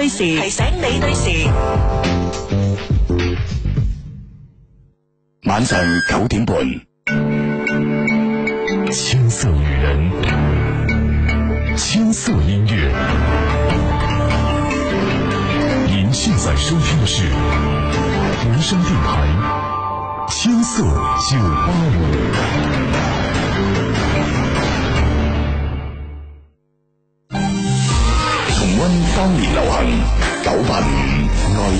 提醒你對時，晚上九點半，青色女人，青色音樂。您現在收聽的是佛山電台青色九八五。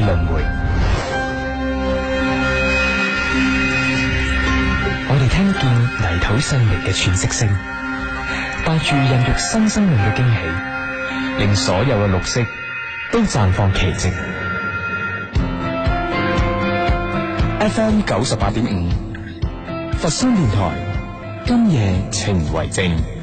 輪迴，我哋聽見泥土細微嘅喘息聲，帶住孕育新生命嘅驚喜，令所有嘅綠色都綻放奇蹟。FM 九十八點五，佛山電台，今夜情為證。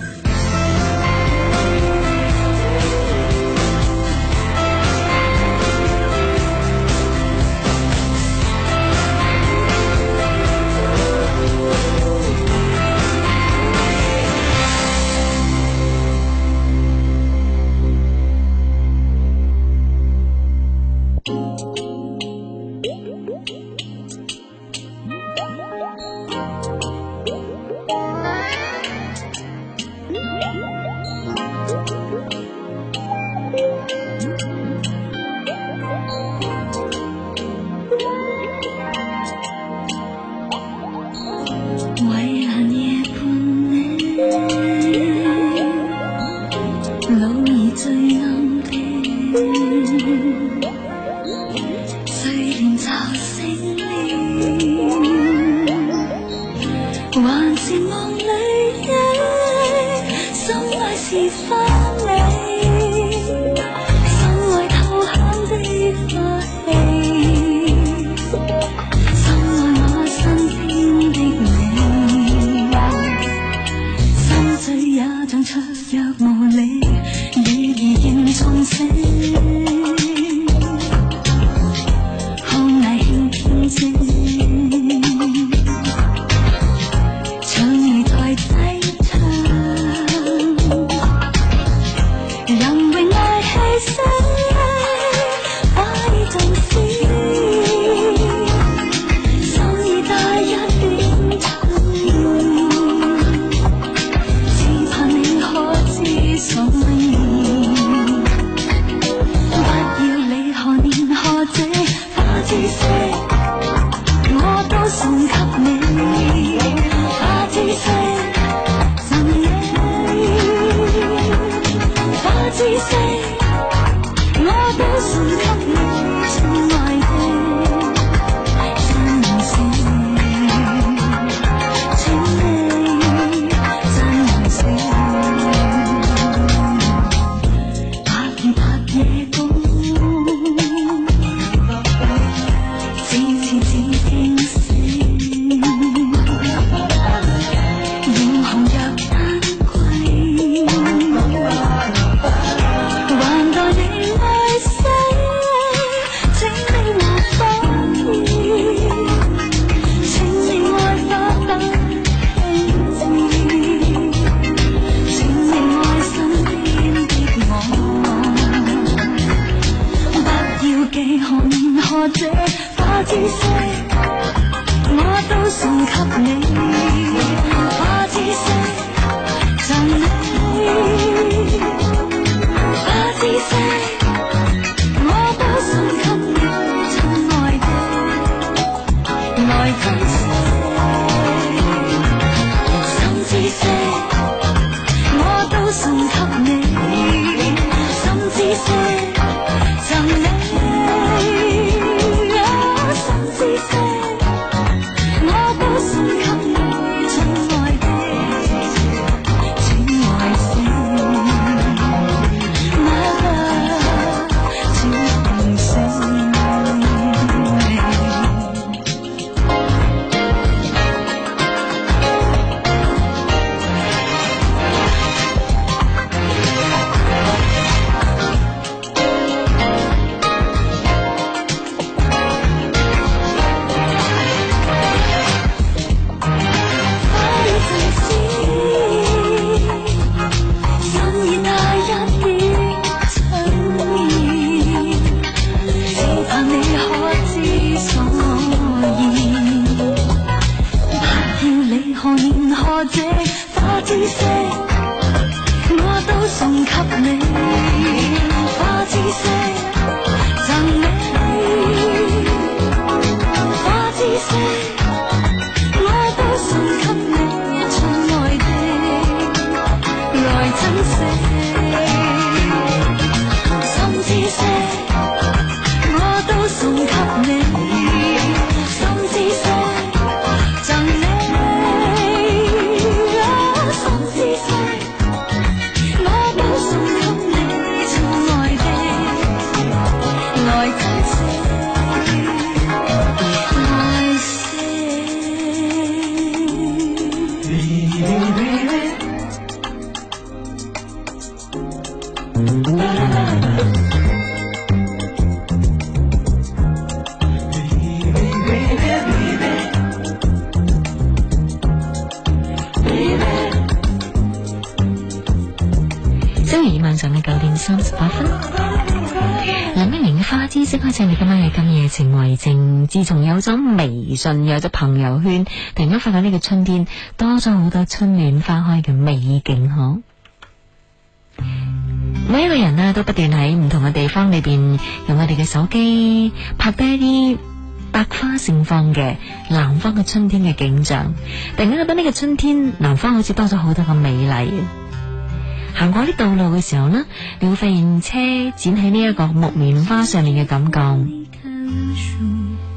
自從有咗微信，有咗朋友圈，突然間發覺呢個春天多咗好多春暖花開嘅美景。嗬，每一個人呢、啊、都不斷喺唔同嘅地方裏邊用我哋嘅手機拍低一啲百花盛放嘅南方嘅春天嘅景象。突然間覺得呢個春天南方好似多咗好多個美麗。行過啲道路嘅時候呢，你會發現車展喺呢一個木棉花上面嘅感覺。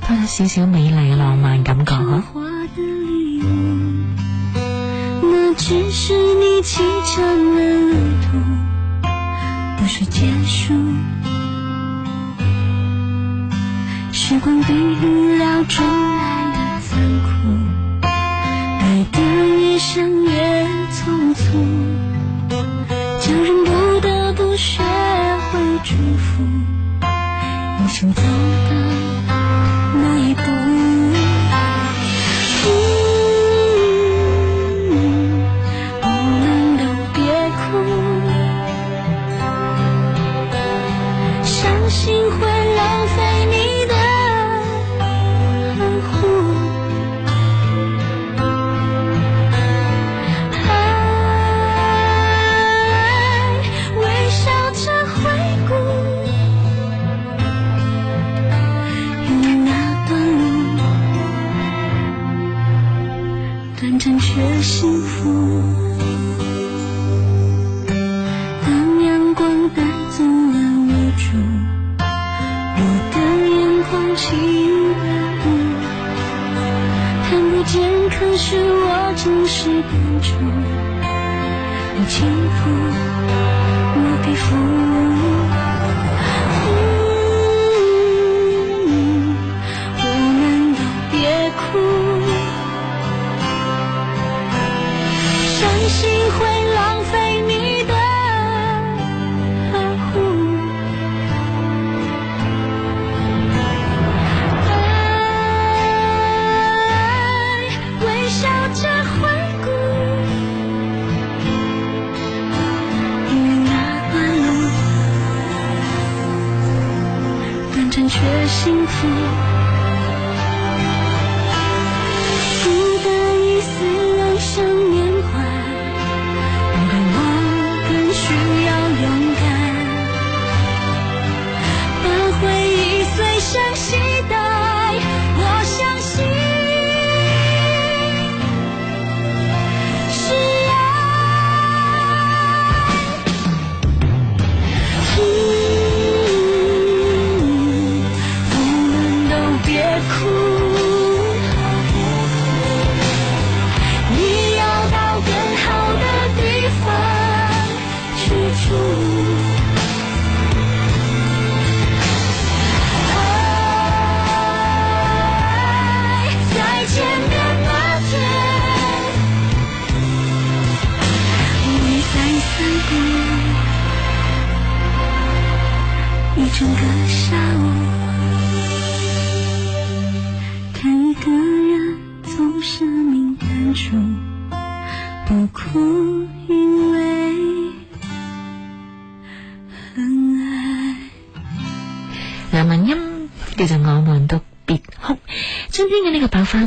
多咗少少美麗嘅浪漫感覺嗬。是我真實感觸。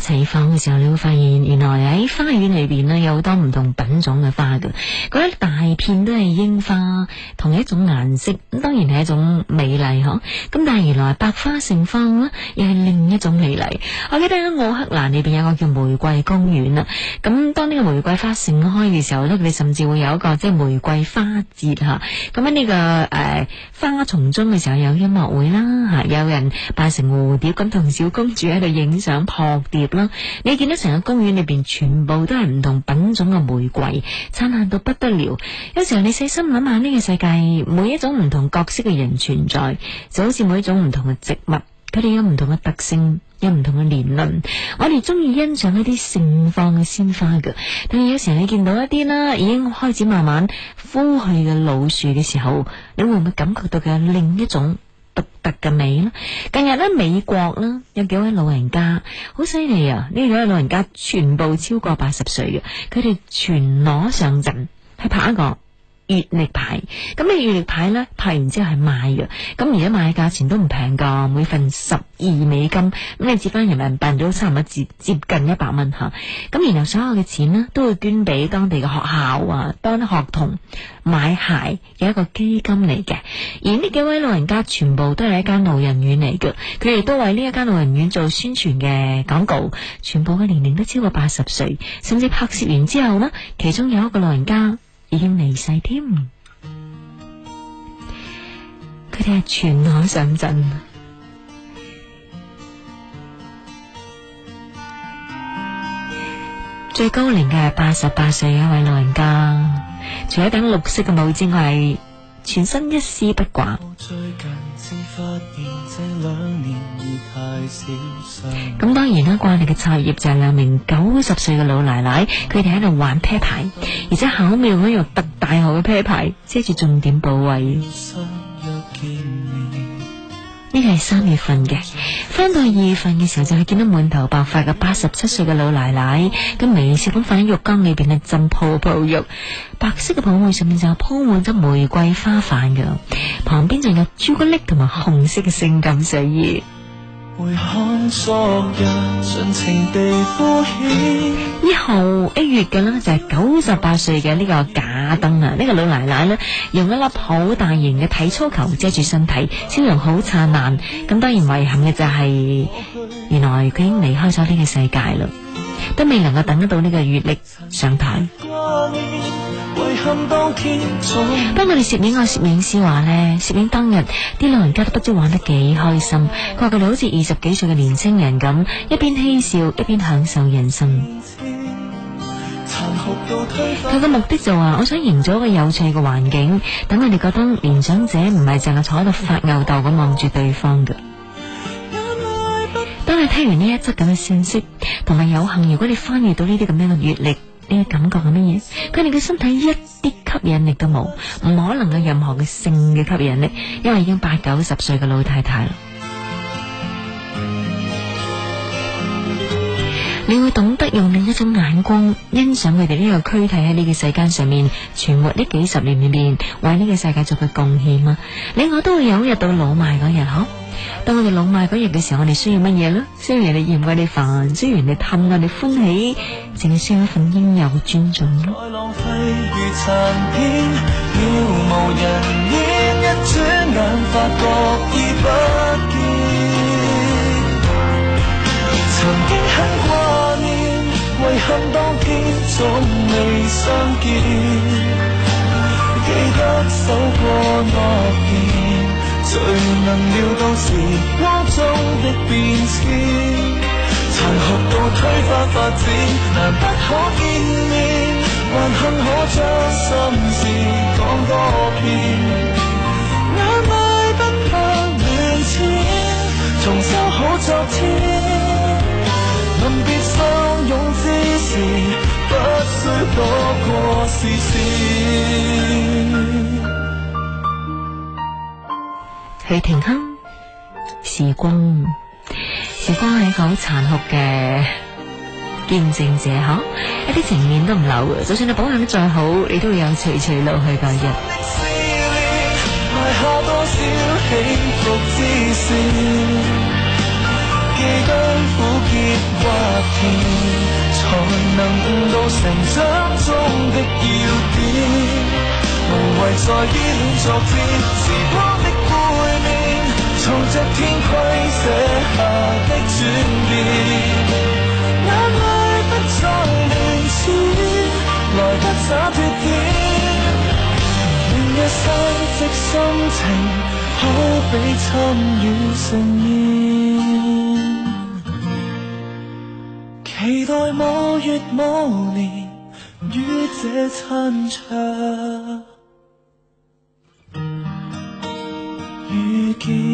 地方嘅時候，你會發現原來喺花園裏邊咧有好多唔同品種嘅花嘅，嗰一大片都係櫻花，同一種顏色。係一種美麗嗬，咁但係原來百花盛放咧，又係另一種美麗。我記得喺奧克蘭裏邊有個叫玫瑰公園啦。咁當呢個玫瑰花盛開嘅時候咧，佢哋甚至會有一個即係玫瑰花節吓。咁喺呢個誒、呃、花叢中嘅時候有音樂會啦，吓有人扮成蝴蝶咁同小公主喺度影相撲蝶啦。你見到成個公園裏邊全部都係唔同品種嘅玫瑰，燦爛到不得了。有時候你細心諗下，呢、呢個世界每一種唔同角。色嘅人存在，就好似每一種唔同嘅植物，佢哋有唔同嘅特性，有唔同嘅年輪。我哋中意欣賞一啲盛放嘅鮮花嘅，但係有時你見到一啲啦已經開始慢慢枯去嘅老樹嘅時候，你會唔會感覺到佢有另一種獨特嘅美咧？近日咧，美國啦有幾位老人家好犀利啊！呢幾位老人家全部超過八十歲嘅，佢哋全裸上陣去拍一個。月曆牌，咁你月曆牌呢？拍完之後係賣嘅，咁而家賣嘅價錢都唔平噶每份十二美金，咁你折翻人民幣都差唔多接接近一百蚊吓。咁然後所有嘅錢呢，都會捐俾當地嘅學校啊，當學童買鞋，有一個基金嚟嘅。而呢幾位老人家全部都係一間老人院嚟嘅，佢哋都為呢一間老人院做宣傳嘅廣告。全部嘅年齡都超過八十歲，甚至拍攝完之後呢，其中有一個老人家。已經離世添，佢哋係全裸上陣。 最高齡嘅係八十八歲嘅一位老人家，除咗頂綠色嘅帽之外，全身一絲不掛。 咁當然啦，掛力嘅菜葉就係兩名九十歲嘅老奶奶，佢哋喺度玩啤牌，而且巧妙咁用特大號嘅啤牌遮住重點部位。呢 個係三月份嘅，翻到二月份嘅時候就係見到滿頭白髮嘅八十七歲嘅老奶奶，咁微笑咁瞓喺浴缸裏邊嚟浸泡泡浴，白色嘅泡沫上面就鋪滿咗玫瑰花瓣嘅，旁邊仲有朱古力同埋紅色嘅性感睡衣。回看昨日，盡情地一號一月嘅呢，就係九十八歲嘅呢個假燈啊，呢、呢個老奶奶呢，用一粒好大型嘅體操球遮住身體，笑容好燦爛。咁當然遺憾嘅就係、係，原來佢已經離開咗呢個世界啦，都未能夠等得到呢個月曆上台。不過，我哋攝影嘅攝影師話呢，攝影當日啲老人家都不知玩得幾開心，佢話佢哋好似二十幾歲嘅年青人咁，一邊嬉笑一邊享受人生。佢個目的就話，我想營造一個有趣嘅環境，等佢哋覺得年長者唔係淨係坐喺度發吽哣咁望住對方嘅。當你聽完呢一則咁嘅信息，同埋有,有幸，如果你翻譯到呢啲咁樣嘅閱歷。呢個感覺係乜嘢？佢哋嘅身體一啲吸引力都冇，唔可能有任何嘅性嘅吸引力，因為已經八九十歲嘅老太太啦。你會懂得用另一種眼光欣賞佢哋呢個軀體喺呢個世間上面存活呢幾十年裏面為呢個世界做嘅貢獻啊！你我都會有一日到老邁嗰日嗬，當我哋老邁嗰日嘅時候，我哋需要乜嘢咧？需要人哋嫌鬼你煩，需要人哋氹我哋歡喜，淨係需要一份應有嘅尊重。愛浪飛如殘片，渺無人煙，一轉眼發覺已不見。恨當天總未相見，記得守過諾言，誰能料到時光中的變遷？殘酷到推翻發展，難不可見面，還幸可將心事講多遍，眼淚不怕亂閃，重修好昨天。別相擁之時不需去過過停刻，時光，時光係好殘酷嘅見證者呵，一、啊、啲情面都唔留。就算你保養得再好，你都會有垂垂落去嘅日。挖遍，畫才能悟到成長中的要點。無謂再依戀昨天，時光的背面，藏着天規寫下的轉變。眼淚不裝廉恥，來得灑脫點。另一世積心情，可比參與誠意。期待某月某年遇見，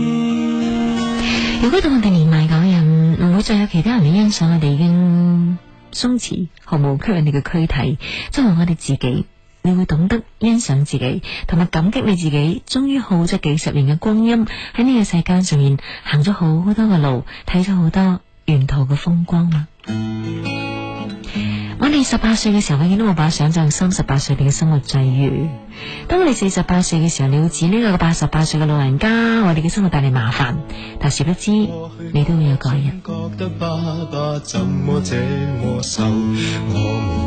如果到我哋年邁嗰日，唔會再有其他人嚟欣賞我哋已經鬆弛、毫無吸引力嘅軀體，即係我哋自己，你會懂得欣賞自己，同埋感激你自己，終於耗咗幾十年嘅光陰喺呢個世界上面行咗好多嘅路，睇咗好多沿途嘅風光嘛。我哋十八歲嘅時候，永遠都冇辦法想象三十八歲你嘅生活際遇。當你四十八歲嘅時候，你要指呢個八十八歲嘅老人家，為你嘅生活帶嚟麻煩。但係殊不知，你都會有改日。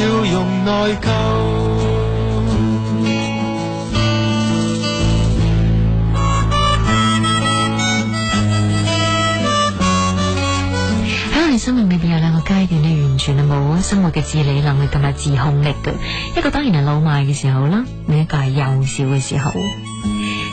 笑容內疚。喺我哋生命裏邊有兩個階段，你完全係冇生活嘅自理能力同埋自控力嘅。一個當然係老邁嘅時候啦，另一個係幼小嘅時候。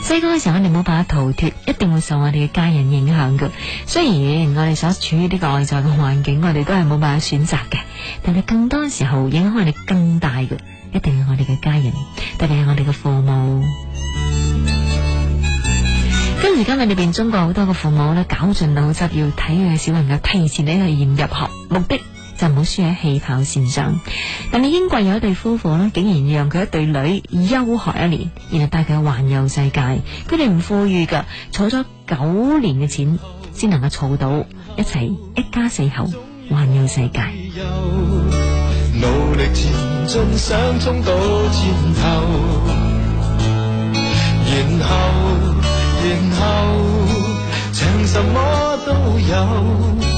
細個嘅時候，我哋冇辦法逃脱，一定會受我哋嘅家人影響嘅。雖然我哋所處於呢個外在嘅環境，我哋都係冇辦法選擇嘅，但係更多時候影響我哋更大嘅，一定係我哋嘅家人，特別係我哋嘅父母。 跟住而家我哋變中國好多嘅父母咧，搞盡腦汁要睇佢嘅小朋友提前呢去驗入學目的。就唔好輸喺起跑線上，但係英國有一對夫婦咧，竟然讓佢一對女休學一年，然後帶佢環遊世界。佢哋唔富裕噶，儲咗九年嘅錢先能夠儲到一齊一家四口環遊世界。努力前進，想衝到前頭，然後，然後，情什麼都有。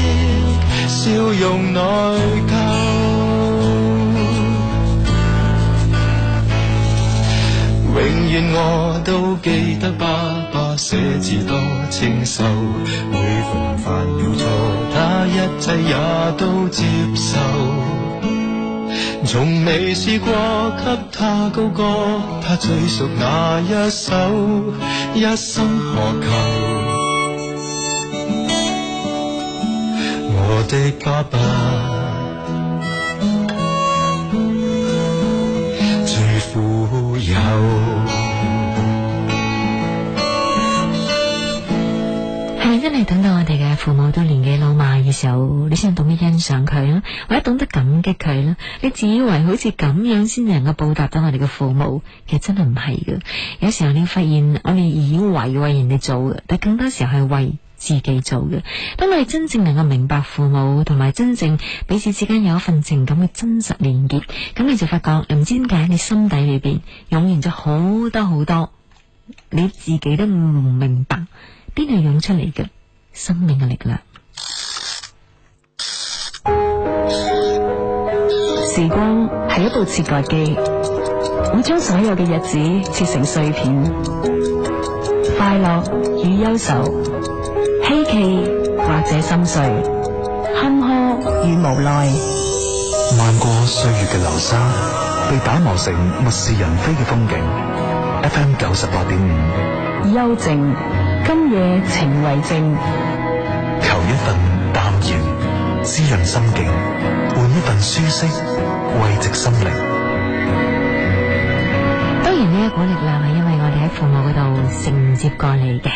笑容內疚，永遠我都記得爸爸寫字多清秀， 每逢犯了錯，他一切也都接受，從 未試過給他高歌，他最熟那一首，一生何求。我的爸爸最富有，係咪真係等到我哋嘅父母都年紀老邁嘅時候，你先懂得欣賞佢啦，或者懂得感激佢啦？你自以為好似咁樣先能夠報答到我哋嘅父母，其實真係唔係噶。有時候你會發現，我哋以為為人哋做嘅，但更多時候係為。自己做嘅，當你真正能夠明白父母同埋真正彼此之間有一份情感嘅真實連結，咁你就發覺，唔知點解你心底裏邊湧現咗好多好多，你自己都唔明白邊度湧出嚟嘅生命嘅力量。時光係一部切割機，會將所有嘅日子切成碎片，快樂與憂愁。希冀或者心碎，坎坷與無奈。漫過歲月嘅流沙，被打磨成物是人非嘅風景。F M 九十八點五，幽靜，今夜情為證，求一份淡然，滋潤心境，換一份舒適，慰藉心靈。當然呢一個力量係。父母嗰度承接過嚟嘅，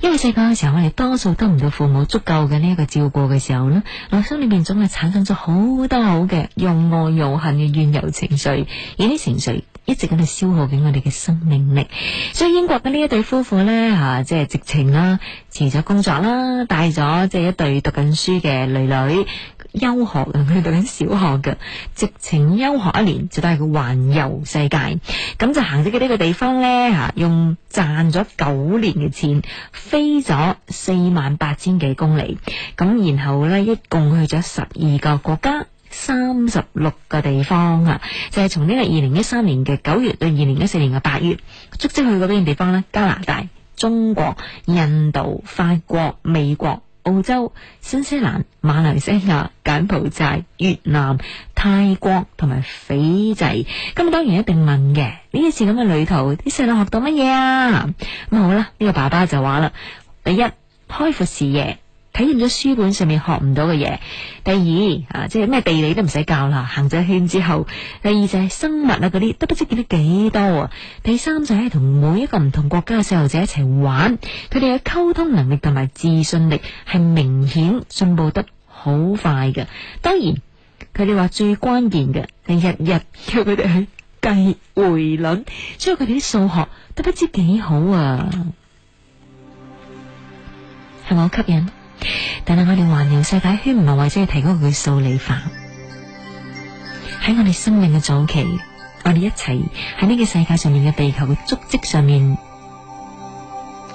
因為細個嘅時候我哋多數得唔到父母足夠嘅呢一個照顧嘅時候咧，內心裏面總係產生咗好多好嘅又愛又恨嘅怨尤情緒，而啲情緒，一直喺度消耗緊我哋嘅生命力，所以英國嘅呢一對夫婦呢，吓、啊、即係直情啦、啊，辭咗工作啦，帶咗即係一對讀緊書嘅女女休學啊，佢讀緊小學嘅，直情休學一年就帶佢環遊世界，咁就行咗到呢個地方呢，吓、啊、用賺咗九年嘅錢，飛咗四萬八千幾公里，咁然後呢，一共去咗十二個國家。三十六個地方啊，就係從呢個二零一三年嘅九月到二零一四年嘅八月，足跡去過邊啲地方呢？加拿大、中國、印度、法國、美國、澳洲、新西蘭、馬來西亞、柬埔寨、越南、泰國同埋斐濟。咁啊，當然一定問嘅，呢次咁嘅旅途，啲細路學到乜嘢啊？咁好啦，呢個爸爸就話啦，第一開闊視野。體驗咗書本上面學唔到嘅嘢。第二啊，即係咩地理都唔使教啦，行咗圈之後，第二就係生物啊嗰啲都不知見得幾多啊。第三就係同每一個唔同國家嘅細路仔一齊玩，佢哋嘅溝通能力同埋自信力係明顯進步得好快嘅。當然，佢哋話最關鍵嘅係日日叫佢哋去計匯率，所以佢哋啲數學都不知幾好啊。係咪好吸引？但係我哋環遊世界圈唔係為咗要提高佢數理化，喺我哋生命嘅早期，我哋一齊喺呢個世界上面嘅地球嘅足跡上面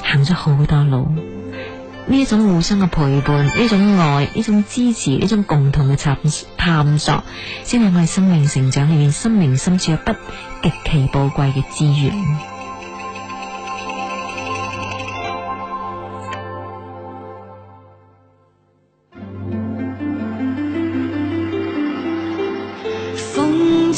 行咗好多路，呢一種互相嘅陪伴，呢種愛，呢種支持，呢種共同嘅探索，先係我哋生命成長裏面，生命深處一筆極其寶貴嘅資源。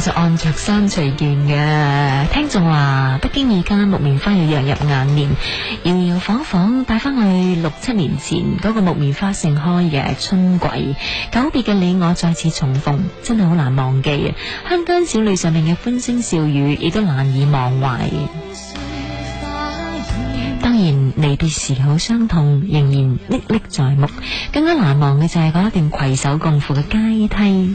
就按着山隨緣嘅聽眾話，不經意間木棉花又揚入眼簾，搖搖晃晃帶翻去六七年前嗰個木棉花盛開嘅春季，久別嘅你我再次重逢，真係好難忘記啊！鄉間小路上面嘅歡聲笑語亦都難以忘懷。當然，離別時好傷痛仍然歷歷在目，更加難忘嘅就係嗰一段攜手共赴嘅階梯。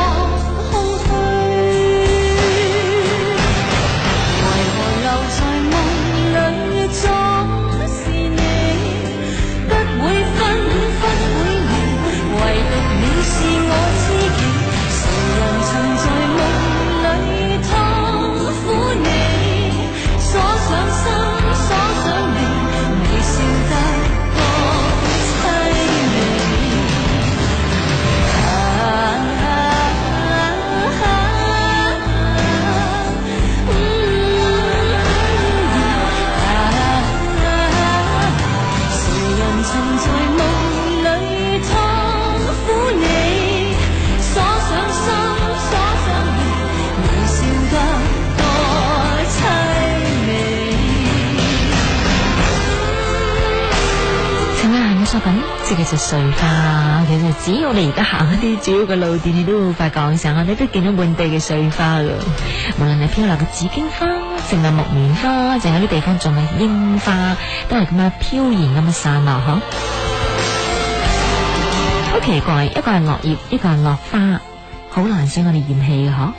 其實就碎花，其實只要我哋而家行一啲主要嘅路段，你都會快講，我哋都見到滿地嘅碎花噶。無論係飄落嘅紫荊花，淨係木棉花，仲有啲地方仲係櫻花，都係咁樣飄然咁樣散落嗬。好 奇怪，一個係落葉，一個係落花，好難使我哋嫌棄嘅嗬。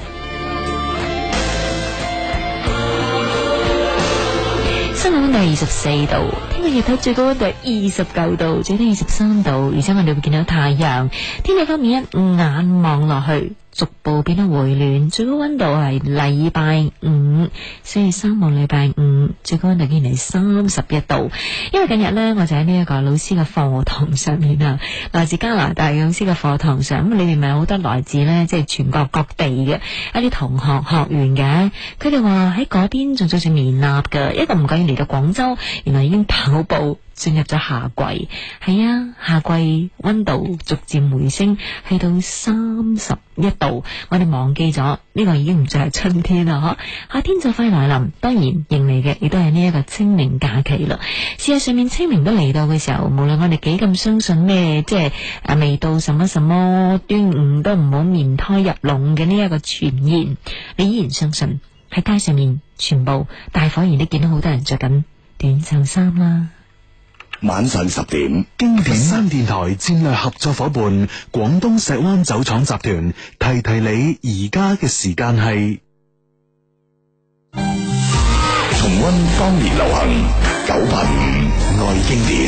室內溫度係二十四度。今日最高溫度係二十九度，最低二十三度，而且我哋會見到太陽。天氣方面，一眼望落去。逐步變得回暖，最高温度係禮拜五，所以三個禮拜五最高温度竟然係三十一度。因為近日呢，我就喺呢一個老師嘅課堂上面啊，來自加拿大老師嘅課堂上，咁你哋咪好多來自咧即係全國各地嘅一啲同學學員嘅，佢哋話喺嗰邊仲做住綿立噶，一個唔要嚟到廣州，原來已經跑步。進入咗夏季，係啊，夏季温度逐漸回升，去到三十一度，我哋忘記咗呢個已經唔再係春天啦。嗬，夏天就快來臨，當然迎嚟嘅亦都係呢一個清明假期咯。事實上面清明都嚟到嘅時候，無論我哋幾咁相信咩，即係啊未到什麼什麼端午都唔好棉胎入籠嘅呢一個傳言，你依然相信喺街上面全部大伙兒都見到好多人着緊短袖衫啦。晚上十點，經典佛山電台戰略合作夥伴廣東石灣酒廠集團，提提你而家嘅時間係重溫當年流行酒品，愛經典。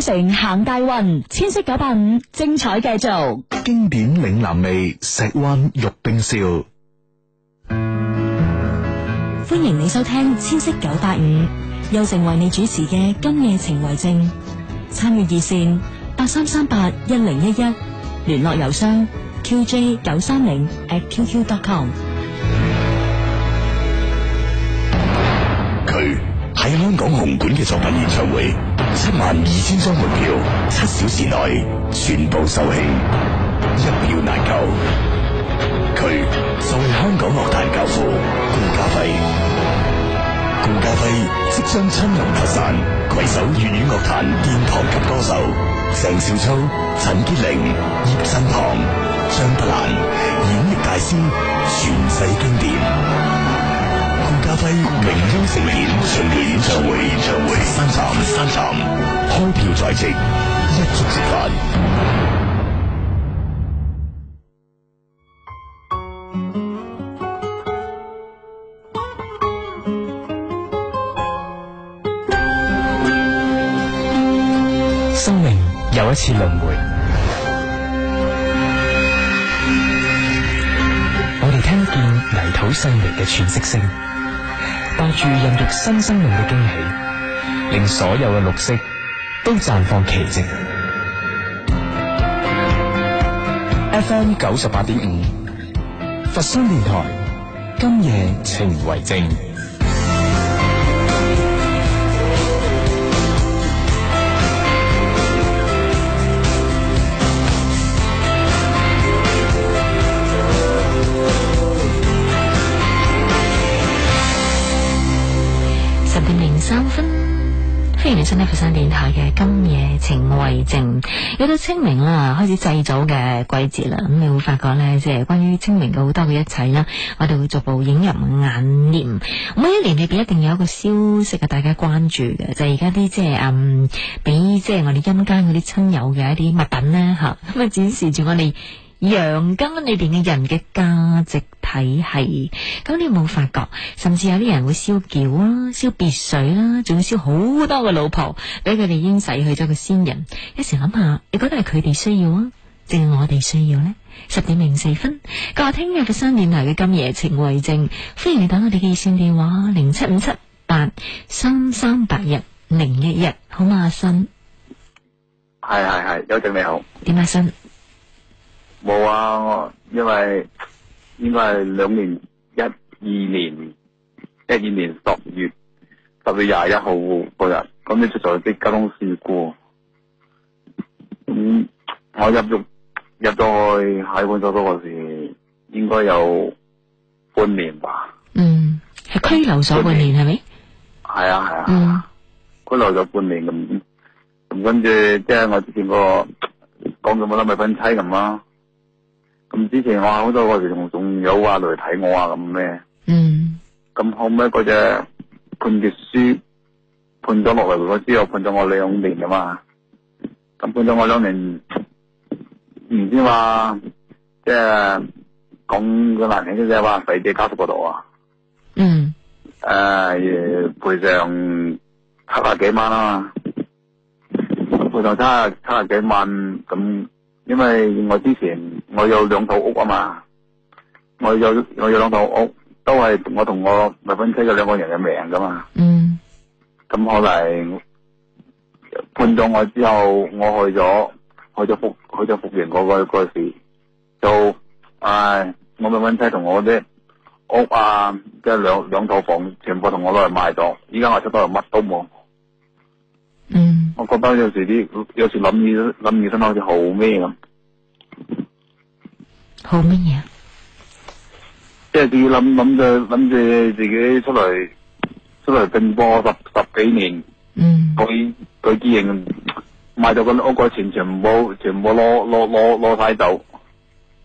成行大運，千色九八五精彩繼續，經典嶺南味，石灣玉冰燒。歡迎你收聽千色九八五，又成為你主持嘅今夜情為證。參與熱線八三三八一零一一，聯絡郵箱 qj 九三零 atqq.com。佢。喺香港紅館嘅作品演唱會，七萬二千張門票，七小時內全部售罄，一票難求。佢就係香港樂壇教父顧嘉輝，顧嘉輝即將親臨佛山，攜手粵語樂壇殿堂級歌手鄭少秋、陳潔玲、葉振棠、張德蘭，演繹大師傳世經典。西名優盛典，巡迴演唱會、演唱會，三站、三站，開票在即，一粥一飯。生命又一次輪回， 我哋聽見泥土細微嘅喘息聲。帶住孕育新生命嘅驚喜，令所有嘅綠色都綻放奇迹。FM 九十八點五， 5, 佛山電台，今夜情為證。三分，歡迎嚟聽佛山電台嘅今夜情為證。又到清明啦，開始祭祖嘅季節啦。咁、嗯、你會發覺呢，即係關於清明嘅好多嘅一切啦，我哋會逐步引入眼簾。每一年裏邊一定有一個消息嘅，大家關注嘅就係而家啲即係嗯，俾即係我哋陰間嗰啲親友嘅一啲物品咧，吓咁啊展示住我哋。陽間裏邊嘅人嘅價值體系，咁你有冇發覺？甚至有啲人會燒橋啊，燒別墅啦，仲要燒好多嘅老婆，俾佢哋已經逝去咗嘅先人。一時諗下，你覺得係佢哋需要啊，定係我哋需要呢？十點零四分，各位聽日嘅三點嚟嘅今夜情為證，歡迎你打我哋嘅熱線電話零七五七八三三八一零一日。好嘛，阿信？係係係，有請你好。點阿信？冇啊！我因為應該係兩年一二年一二年十月十月廿一號嗰日，咁你、嗯、出咗啲交通事故。咁、嗯、我入咗入咗去喺判咗咗嗰時，應該有半年吧。嗯，係拘留咗半年係咪？係、嗯、啊係啊嗯。嗯，拘留咗半年咁咁，跟住即係我見過講咗冇得咪分妻咁啦。咁之前我好多嗰時仲，仲有話嚟睇我啊，咁咩？嗯，咁後尾嗰隻判決書判咗落嚟，之後判咗我兩年噶嘛，咁判咗我兩年，唔知話、啊、即係講個難聽啲即係話死者家屬嗰度啊，嗯，誒，賠償七啊幾萬啊嘛，賠償七啊、七啊幾萬咁。因為我之前我有兩套屋啊嘛，我有我有兩套屋，都係我同我未婚妻有兩個人嘅名噶嘛。嗯。咁後來判咗我之後，我去咗去咗復去咗復原嗰個嗰、那個、時，就唉、呃，我未婚妻同我啲屋啊，即、就、係、是、兩兩套房全部同我攞嚟賣咗，依家我出到嚟乜都冇。嗯，我覺得有時啲，有時諗起諗起身好似好咩咁，好乜嘢？即係仲要諗諗住諗住自己出嚟出嚟拼搏十十幾年，嗯，佢佢自營賣咗個屋個錢，全部全部攞攞攞攞晒走，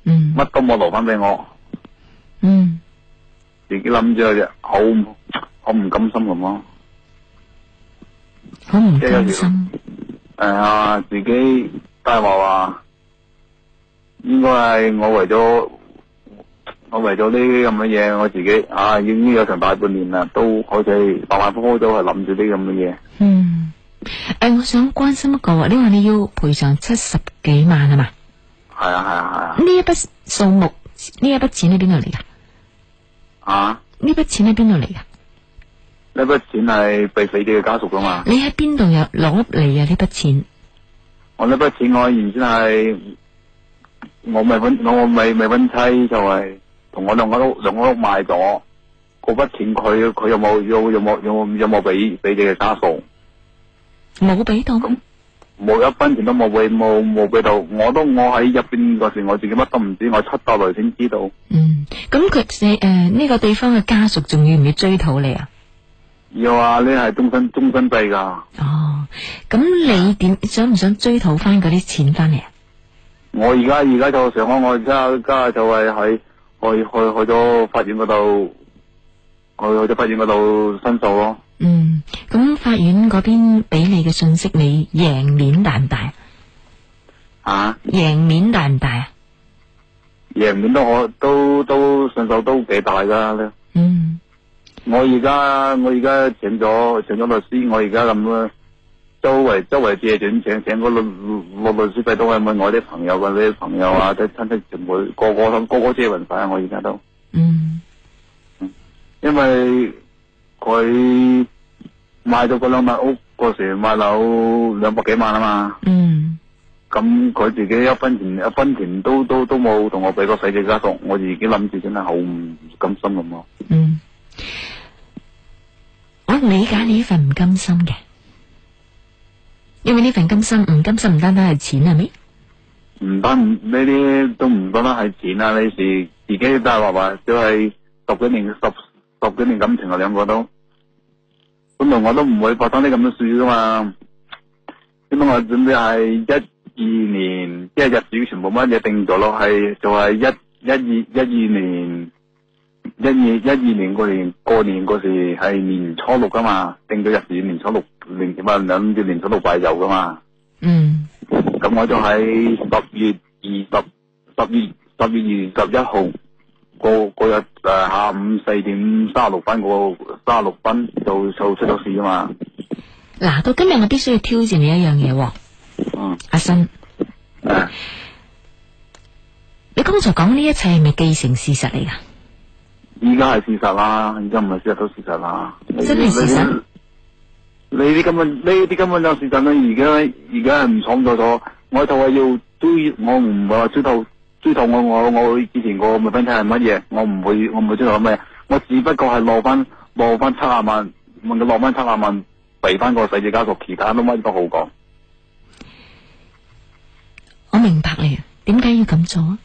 嗯，乜都冇留翻俾我，嗯，自己諗住好似好好唔甘心咁咯。好唔開心。係啊、哎，自己大話話，應該係我為咗我為咗呢啲咁嘅嘢，我自己啊已經有成大半年啦，都好似百萬富都係諗住啲咁嘅嘢。嗯，誒、哎，我想關心一個話，你話你要賠償七十幾萬係嘛？係啊，係啊，係啊。呢一筆數目，呢一筆錢喺邊度嚟噶？啊？呢筆錢喺邊度嚟噶？呢筆錢係俾死哋嘅家屬噶嘛？你喺邊度有攞嚟啊呢筆錢？我呢筆錢，我原先係我未搵，我未我未搵妻，就係同我兩個屋兩個屋賣咗嗰筆錢。佢佢有冇有有冇有有冇俾俾你嘅家屬？冇俾到？冇，一分錢都冇俾，冇冇俾到。我都我喺入邊嗰時我自己乜都唔知，我出到嚟先知道。知道，嗯，咁佢死，誒呢個地方嘅家屬仲要唔要追討你啊？要話你係終身終身制噶？哦，咁你點想唔想追討翻嗰啲錢翻嚟啊？我而家而家就上咗，我而家而家就係喺去去去咗法院嗰度，去去咗法院嗰度申訴咯。嗯，咁法院嗰邊俾你嘅信息，你贏面大唔大啊？贏面大唔大啊？贏面都可，都都申訴都幾大噶咧。嗯。我而家我而家請咗請咗律師，我而家咁啊周圍周圍借短請請個律律律師費都係問我啲朋友、問啲朋友啊、啲親戚全部個個都個個借匀曬，我而家都嗯，因為佢買咗嗰兩萬屋嗰時買樓兩百幾萬啊嘛，嗯，咁佢自己一分錢一分錢都都都冇同我俾個死者家屬，我自己諗住真係好唔甘心咁啊，嗯。我理解你呢份唔甘心嘅，因為呢份甘心唔甘心唔單單係錢係咪？唔單呢啲都唔單單係錢啦，啊，你是自己都係話話，就係十幾年十十幾年感情啊，兩個都本來我都唔會發生啲咁多事噶嘛。點解我準備係一二年，即係日子全部乜嘢定咗咯，係就係一一二一,一二年。一二一二年，年過年過年嗰時係年初六噶嘛，定咗日子年初六，年初八諗住年初六拜油噶嘛。嗯。咁我就喺十月二十十月十月二十一號，個個日誒下午四點三十六分，那個三十六分就就出咗事啊嘛。嗱，到今日我必須要挑戰你一樣嘢、啊。嗯。阿新。啊、嗯。你剛才講呢一切係咪既成事實嚟噶？依家係事實啦，而家唔係事實都事實啦。真係你事實。你啲根本呢啲根本就事實啦，而家而家係唔錯到咗。我就係要追，我唔會話追到追到我我我以前個未婚妻係乜嘢，我唔會我唔會追到乜嘢。我只不過係落翻落翻七啊萬，問佢落翻七啊萬，俾翻個死者家屬，其他都乜都好講。我明白你，點解要咁做啊？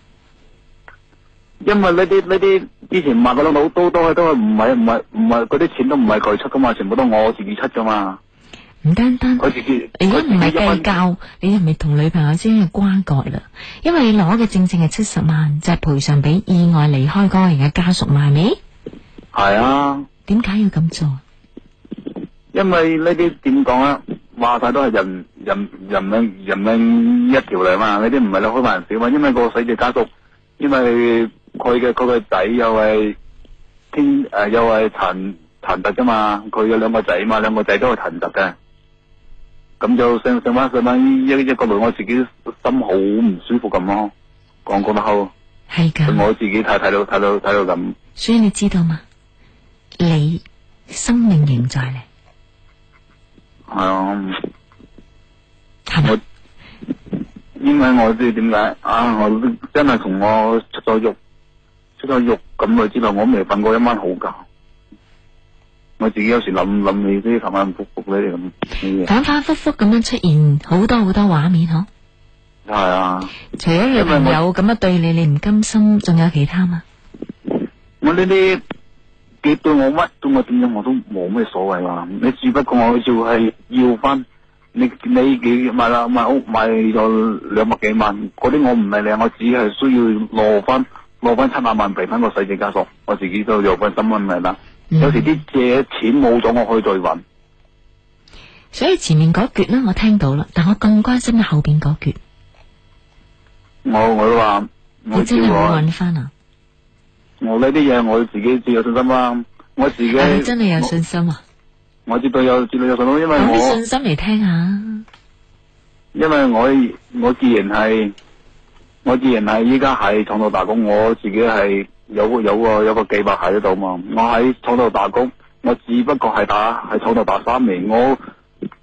因為呢啲呢啲之前買嗰兩筆好多都係都係唔係唔係唔係嗰啲錢都唔係佢出噶嘛，全部都我自己出噶嘛。唔單單佢自己，如果唔係計較，你係咪同女朋友之間有瓜葛啦？因為你攞嘅正正係七十萬，就係賠償俾意外離開嗰個人嘅家屬埋尾。係啊。點解要咁做？因為呢啲點講咧，話晒都係人人人命人命一條嚟嘛，呢啲唔係你開玩笑嘛，因為個死者家屬，因為。佢嘅嗰個仔又係天誒，又係殘殘疾噶嘛？佢嘅兩個仔嘛？兩個仔都係殘疾嘅，咁就上上翻上翻一一個輪，我自己心好唔舒服咁咯。講講得好係噶，我自己睇睇到睇到睇到咁。所以你知道嘛？你生命現在咧。係啊、嗯，吧我因為我知點解啊，我真係同我出咗獄。出咗肉咁咪知道，我未瞓過一晚好覺。我自己有時諗諗起啲反反复覆咧咁，反反复复咁樣出現好多好多畫面嗬。係啊，除咗你朋友咁樣對你，你唔甘心，仲有其他嘛？我呢啲佢對我乜都我點樣我都冇咩所謂啦。你只不過我好似係要翻你你幾買啦買屋買咗兩百幾萬，嗰啲我唔係靚，我只係需要攞翻。攞翻七百萬俾翻個死者家屬，我自己都有份心穩咪得。嗯、有時啲借錢冇咗，我可以再揾。所以前面嗰橛啦，我聽到啦，但我更關心後邊嗰橛。我我都話，你真係要揾翻啊！我呢啲嘢，我自己自有信心啦，我自己。你真係有信心啊我？我知道有，知道有信心，因為我有啲信心嚟聽，聽下。因為我我自然係。我自然係依家喺廠度打工，我自己有有有係有個有個有個計劃喺度嘛。我喺廠度打工，我只不過係打喺廠度打三年。我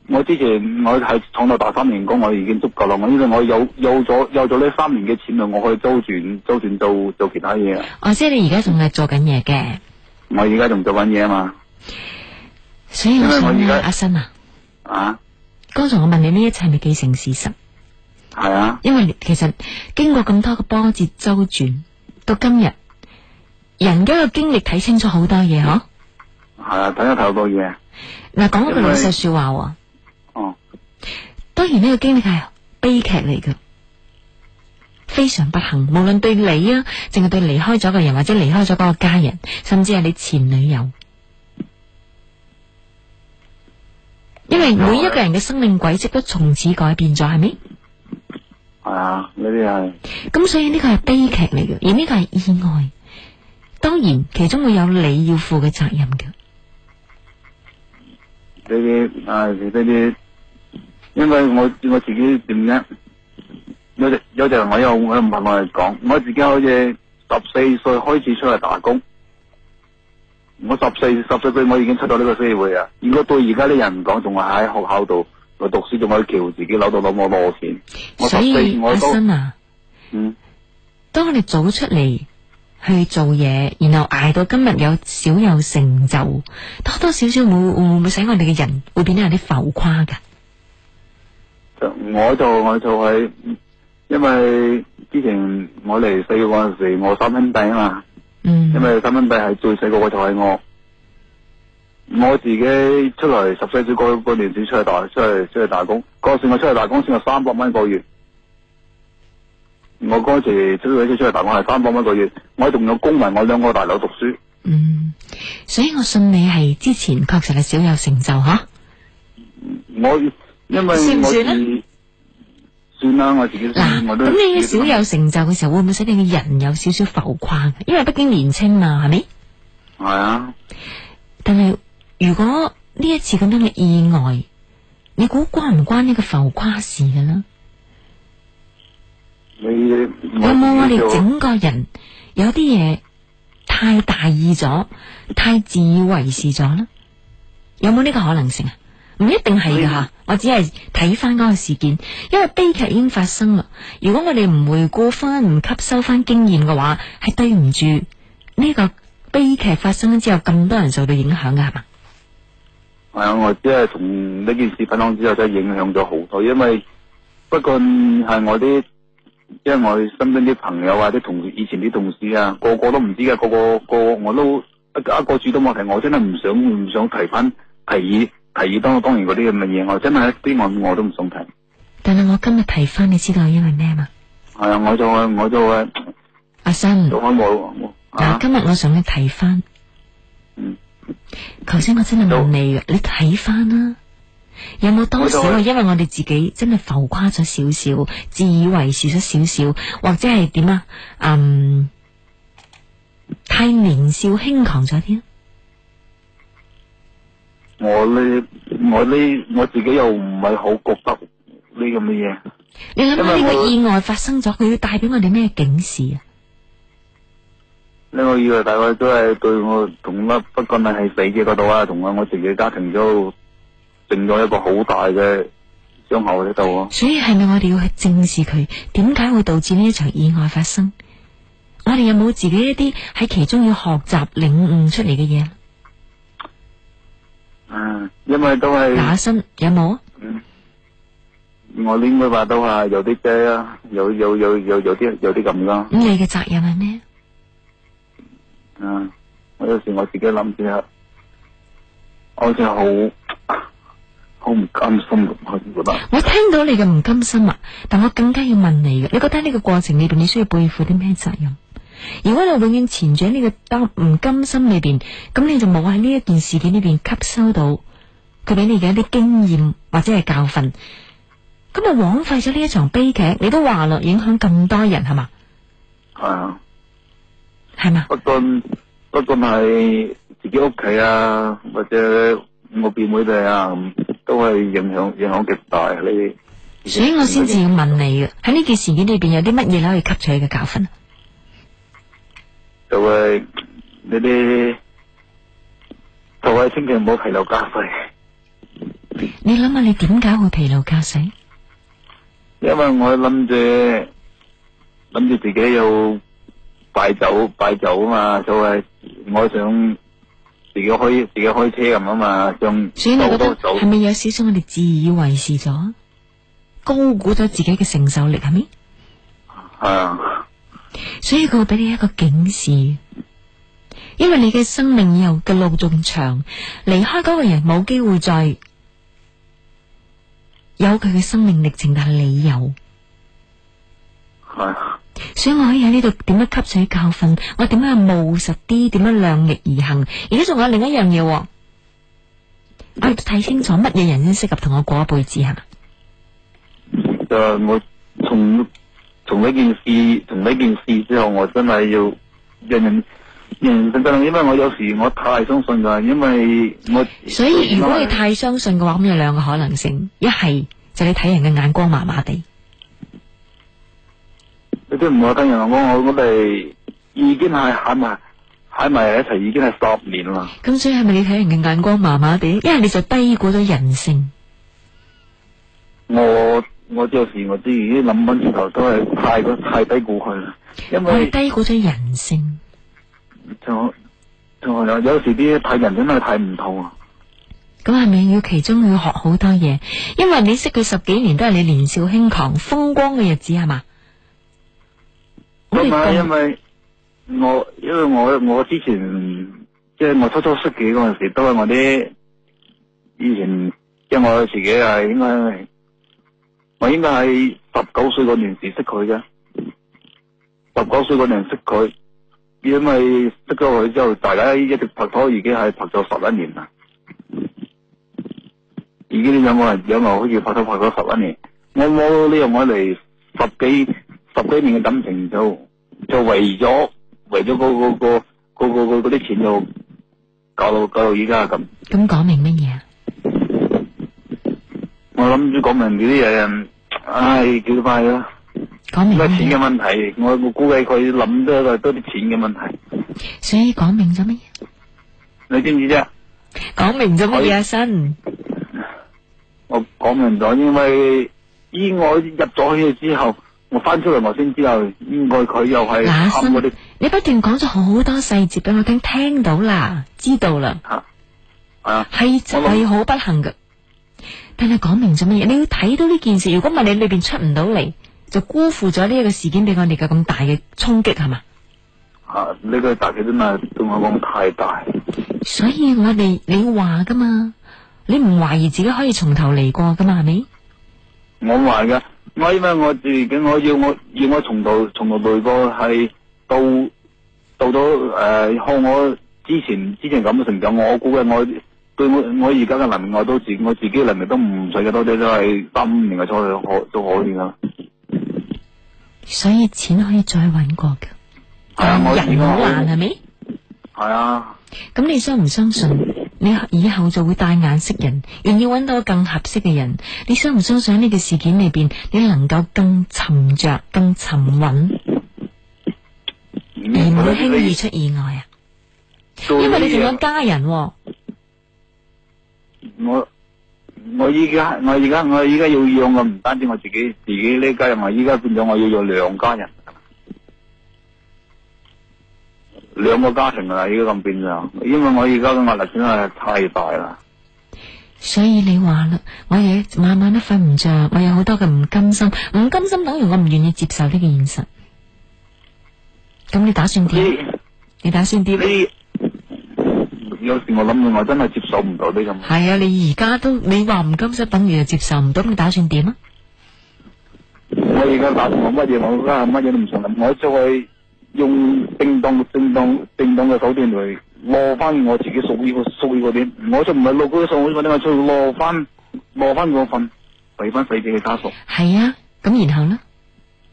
我之前我喺廠度打三年工，我已經足夠啦。我因為我有有咗有咗呢三年嘅錢啦，我可以周轉，周轉到做其他嘢啊。哦，我知你而家仲係做緊嘢嘅。我而家仲做緊嘢啊嘛。所以我想啊，阿新啊，啊，剛才我問你呢一切係咪既成事實？係啊，因為其實經過咁多嘅波折周轉，到今日，人嘅、哦、個經歷睇清楚好多嘢嗬。係啊，睇得透好多嘢。嗱，講一個老實說話。哦。當然呢個經歷係悲劇嚟嘅，非常不幸。無論對你啊，淨係對離開咗嘅人，或者離開咗嗰個家人，甚至係你前女友，嗯、因為每一個人嘅生命軌跡都從此改變咗，係咪？係 啊，呢啲係。咁所以呢個係悲劇嚟嘅，而呢個係意外。當然，其中會有你要負嘅責任嘅。你誒，你、哎、你，因為我我自己點樣？有有就我有，我唔係我嚟講。我自己好似十四歲開始出嚟打工。我十四十四歲我已經出到呢個社會啊！如果對而家啲人講，仲係喺學校度。我讀書仲可以調自己扭到冧我攞錢，所以我都才、啊、嗯，當我哋早出嚟去做嘢，然後挨到今日有少有成就，多多少少會唔會，會使我哋嘅人會變得有啲浮誇噶。我就我就係因為之前我嚟細個嗰陣時，我三兄弟啊嘛，嗯，因為三兄弟係最細個嗰就係我。我自己出嚟十四歲過、那個、年先出嚟大出嚟出嚟打工嗰、那個、時我出嚟打工先係三百蚊一個月，我嗰時出嚟打工係三百蚊一個月，我仲要供埋我兩個大佬讀書。嗯，所以我信你係之前確實係小有成就吓。啊、我因為我自己算啦，我自己嗱咁喇你小有成就嘅時候會唔會使你嘅人有少少浮誇？因為畢竟年輕嘛，係咪？係啊，啊但係。如果呢一次咁樣嘅意外，你估關唔關呢個浮誇事嘅呢？你有冇我哋整個人有啲嘢太大意咗，太自以為是咗啦？有冇呢個可能性啊？唔一定係噶吓，我，我只係睇翻嗰個事件，因為悲劇已經發生啦。如果我哋唔回顧翻，唔吸收翻經驗嘅話，係對唔住呢個悲劇發生咗之後咁多人受到影響嘅係嘛？係啊，我即係從呢件事分享之後，真係影響咗好多。因為不過係我啲，即係我身邊啲朋友或者同以前啲同事啊，個個都唔知嘅，個個個我都一個字都冇提。我真係唔想唔想提翻提以提以當當然嗰啲咁嘅嘢，我真係一啲我都唔想提。但係我今日提翻，你知道係因為咩嘛？係啊，我就，我就啊，阿生，a 做開我。嗱，今日我想你提翻。嗯。頭先我真係問你，嘅走，你睇翻啦，有冇多少？因為我哋自己真係浮誇咗少少，自以為是咗少少，或者係點啊？嗯，太年少輕狂咗啲。我呢？我呢？我自己又唔係好覺得呢咁嘅嘢。你諗下呢個意外發生咗，佢要帶俾我哋咩警示啊？我以為大概都係對我同乜，不過你喺死嘅嗰度啊，同我我自己家庭都剩咗一個好大嘅傷口喺度啊。所以係咪我哋要去正視佢點解會導致呢一場意外發生？我哋有冇自己一啲喺其中要學習領悟出嚟嘅嘢？嗯，因為都係。打心有冇？嗯，我應該話都係有啲啫啦，有有有有有啲有啲咁啦。咁你嘅責任係咩？啊！我有時我自己諗住啊，我好似好好唔甘心咁，我覺得。我聽到你嘅唔甘心啊，但我更加要問你嘅，你覺得呢個過程裏邊你需要背負啲咩責任？如果你永遠纏住喺呢個擔唔甘心裏邊，咁你就冇喺呢一件事件裏邊吸收到佢俾你嘅一啲經驗或者係教訓，咁啊枉費咗呢一場悲劇。你都話啦，影響咁多人係嘛？係啊。不過不過係自己屋企啊，或者我表妹哋啊，都係影響影響極大啊！呢，所以我先至要問你嘅，喺呢件事件裏邊有啲乜嘢可以吸取佢嘅教訓啊？就係呢啲，就係千祈唔好疲勞駕駛。你諗下，你點解會疲勞駕駛？因為我諗住諗住自己要。擺酒，擺酒啊嘛！就係我想自己開自己開車咁啊嘛，仲，所以你覺得，係咪到有少少我哋自以為是咗，高估咗自己嘅承受力，係咪？係啊。所以佢會俾你一個警示，因為你嘅生命以後嘅路仲長，離開嗰個人冇機會再有佢嘅生命歷程，但係理由。係、啊。所以我可以喺呢度點樣吸取教訓，我點樣務實啲，點樣量力而行，而家仲有另一樣嘢，我睇清楚乜嘢人先適合同我過一輩子啊！就、呃、我從從呢件事，從呢件事之後，我真係要認認真真，因為我有時我太相信噶，因為我所以如果你太相信嘅話，咁有兩個可能性，一係就你睇人嘅眼光麻麻地。你都唔會跟人講，我我哋已經係喺埋喺埋一齊，已經係十年啦。咁所以係咪你睇人嘅眼光麻麻哋？因為你就低估咗人性。我我有時我自己諗翻轉頭都係太過太低估佢啦，因為，因為低估咗人性。仲仲有有時啲睇人真係睇唔通啊！咁係咪要其中要學好多嘢？因為你識佢十幾年，都係你年少輕狂、風光嘅日子，係嘛？唔係、嗯，因為我因為我我之前即係我初初識佢嗰陣時，都係我啲以前，即係我自己係應該，我應該係十九歲嗰年時識佢嘅，十九歲嗰年識佢，因為識咗佢之後，大家一直拍拖，已經係拍咗十一年啦，已經有冇人有我好似拍拖拍咗十一年，我冇呢樣我嚟十幾十幾年嘅感情就。就為咗為咗嗰嗰嗰嗰啲錢就搞到搞到而家咁。咁講明乜嘢啊？我諗住講明佢啲嘢，唉，幾快啦！講明咩？乜錢嘅問題？我我估計佢諗都係多啲錢嘅問題。所以講明咗乜嘢？你知唔知啫？講明咗乜嘢啊？新，以 我講明咗，因為意外入咗去之後。我翻出嚟之後我先知啊，應該佢又係參嗰啲。你不斷講咗好多細節俾我聽，聽到啦，知道啦。吓，係真係好不幸噶。但係講明咗乜嘢？你要睇到呢件事。如果唔係你裏邊出唔到嚟，就辜負咗呢一個事件俾我哋嘅咁大嘅衝擊，係嘛？吓，呢個大嘅真係對我講太大。所以我哋你要話噶嘛？你唔懷疑自己可以從頭嚟過噶嘛？係咪？我話噶。啊我因為我自己，我要我要我重頭重頭回過係到到到誒向、呃、我之前之前咁嘅成就，我估計我對我我而家嘅能力，我都自我自己能力都唔使嘅多，啲，都係三五年嘅初可都可以啦。所以錢可以再揾過㗎，人好難係咪？係啊。咁、啊、你相唔相信？你以後就會帶眼識人，願意揾到更合適嘅人。你相唔相信呢個事件裏邊，你能夠更沉着、更沉穩，而唔、嗯、會輕易出意外啊？嗯、我因為你仲有家人。我我依家我依家我依家要養嘅唔單止我自己自己呢家人，我依家變咗我要養兩家人。兩個家庭啊，依家咁變樣，因為我而家嘅壓力真係太大啦。所以你話啦，我嘢，晚晚都瞓唔着，我有好多嘅唔甘心，唔甘心等於我唔願意接受呢個現實。咁你打算點？你打算點？有時我諗嘅，我真係接受唔到呢咁。係啊，你而家都你話唔甘心，等於就接受唔到，咁你打算點啊？我而家打算我乜嘢，我而家係乜嘢都唔想諗，我出去。用正當、正當、正當嘅手段嚟攞翻我自己屬於，屬於邊個屬於個點，我就唔係攞嗰個屬於，我點解要攞翻攞翻嗰份俾翻死者嘅家屬？係啊，咁然後呢？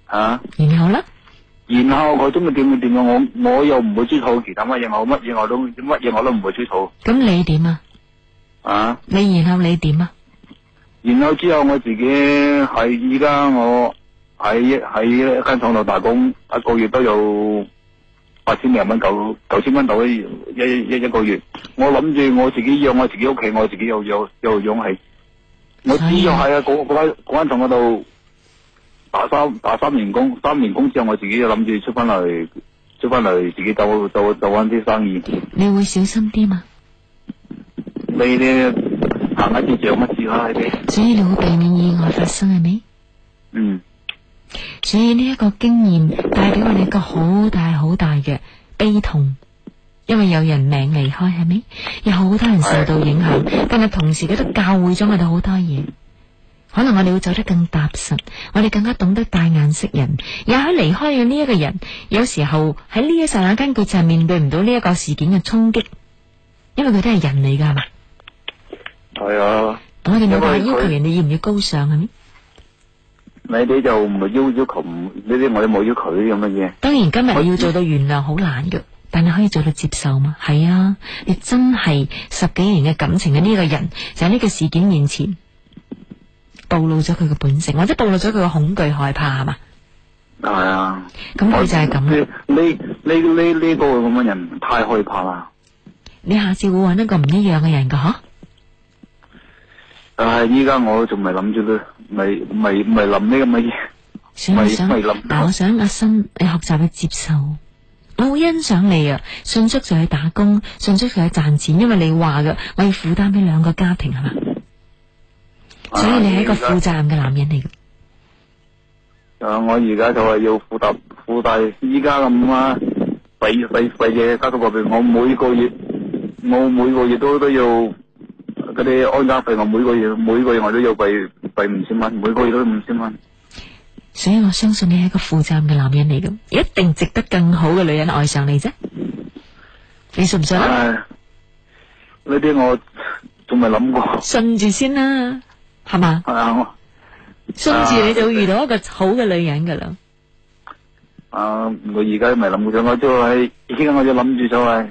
啊，然後呢？然後佢中意點就點啊！我我又唔會追討其他乜嘢，我乜嘢我都乜嘢我都唔會追討。咁你點啊？啊？你然後你點啊？然後之後我自己係依家我。喺一喺一間廠度打工，一個月都有八千零蚊九九千蚊到，一一一個月。我諗住我自己養我自己屋企，我自己有有有勇氣。我主要係啊，嗰嗰間嗰間廠度打三打三年工，三年工之後，我自己諗住以出翻嚟，出翻嚟自,自己做做做翻啲生意。你會小心啲嘛？你行一次，做乜事啦？你。所以，你會避免意外發生係咪？是是嗯。所以呢一個經驗帶俾我哋一個好大好大嘅悲痛，因為有人命離開，係咪？有好多人受到影響，的但係同時佢都教會咗我哋好多嘢。可能我哋會走得更踏實，我哋更加懂得帶眼識人。也許離開嘅呢一個人，有時候喺呢一剎那間，佢就面對唔到呢一個事件嘅衝擊，因為佢都係人嚟㗎，係嘛？係啊，我哋冇話要求人哋要唔要高尚啊。你哋就唔係要要求呢啲，我哋冇要求呢啲咁嘅嘢。當然今日我要做到原諒好難嘅，我但係可以做到接受嘛？係啊，你真係十幾年嘅感情嘅呢、嗯、個人，就喺呢個事件面前，暴露咗佢嘅本性，或者暴露咗佢嘅恐懼害怕，係嘛？係啊。咁佢就係咁。呢呢呢呢個咁嘅人太害怕啦。你下次會揾一個唔一樣嘅人噶？啊、但係依家我仲未諗住咧。咪咪咪諗呢咁嘅嘢，咪咪諗。但係我想阿新，你學習去接受，我好欣賞你啊！迅速就去打工，迅速就去賺錢，因為你話嘅，我要負擔呢兩個家庭係嘛？所以你係一個負責任嘅男人嚟嘅。啊！我而家就係要負擔負大依家咁啊！俾俾俾嘢家嫂嗰邊，我每個月我每個月都都要。嗰啲安家費我每個月每個月我都要俾俾五千蚊，每個月都五千蚊。所以我相信你係一個負責任嘅男人嚟嘅，一定值得更好嘅女人愛上你啫。你信唔信？啊，呢啲我仲未諗過。順住先啦，係嘛？係啊，我順住你就遇到一個好嘅女人噶啦。啊，我而家咪諗住我做係而家我要諗住做係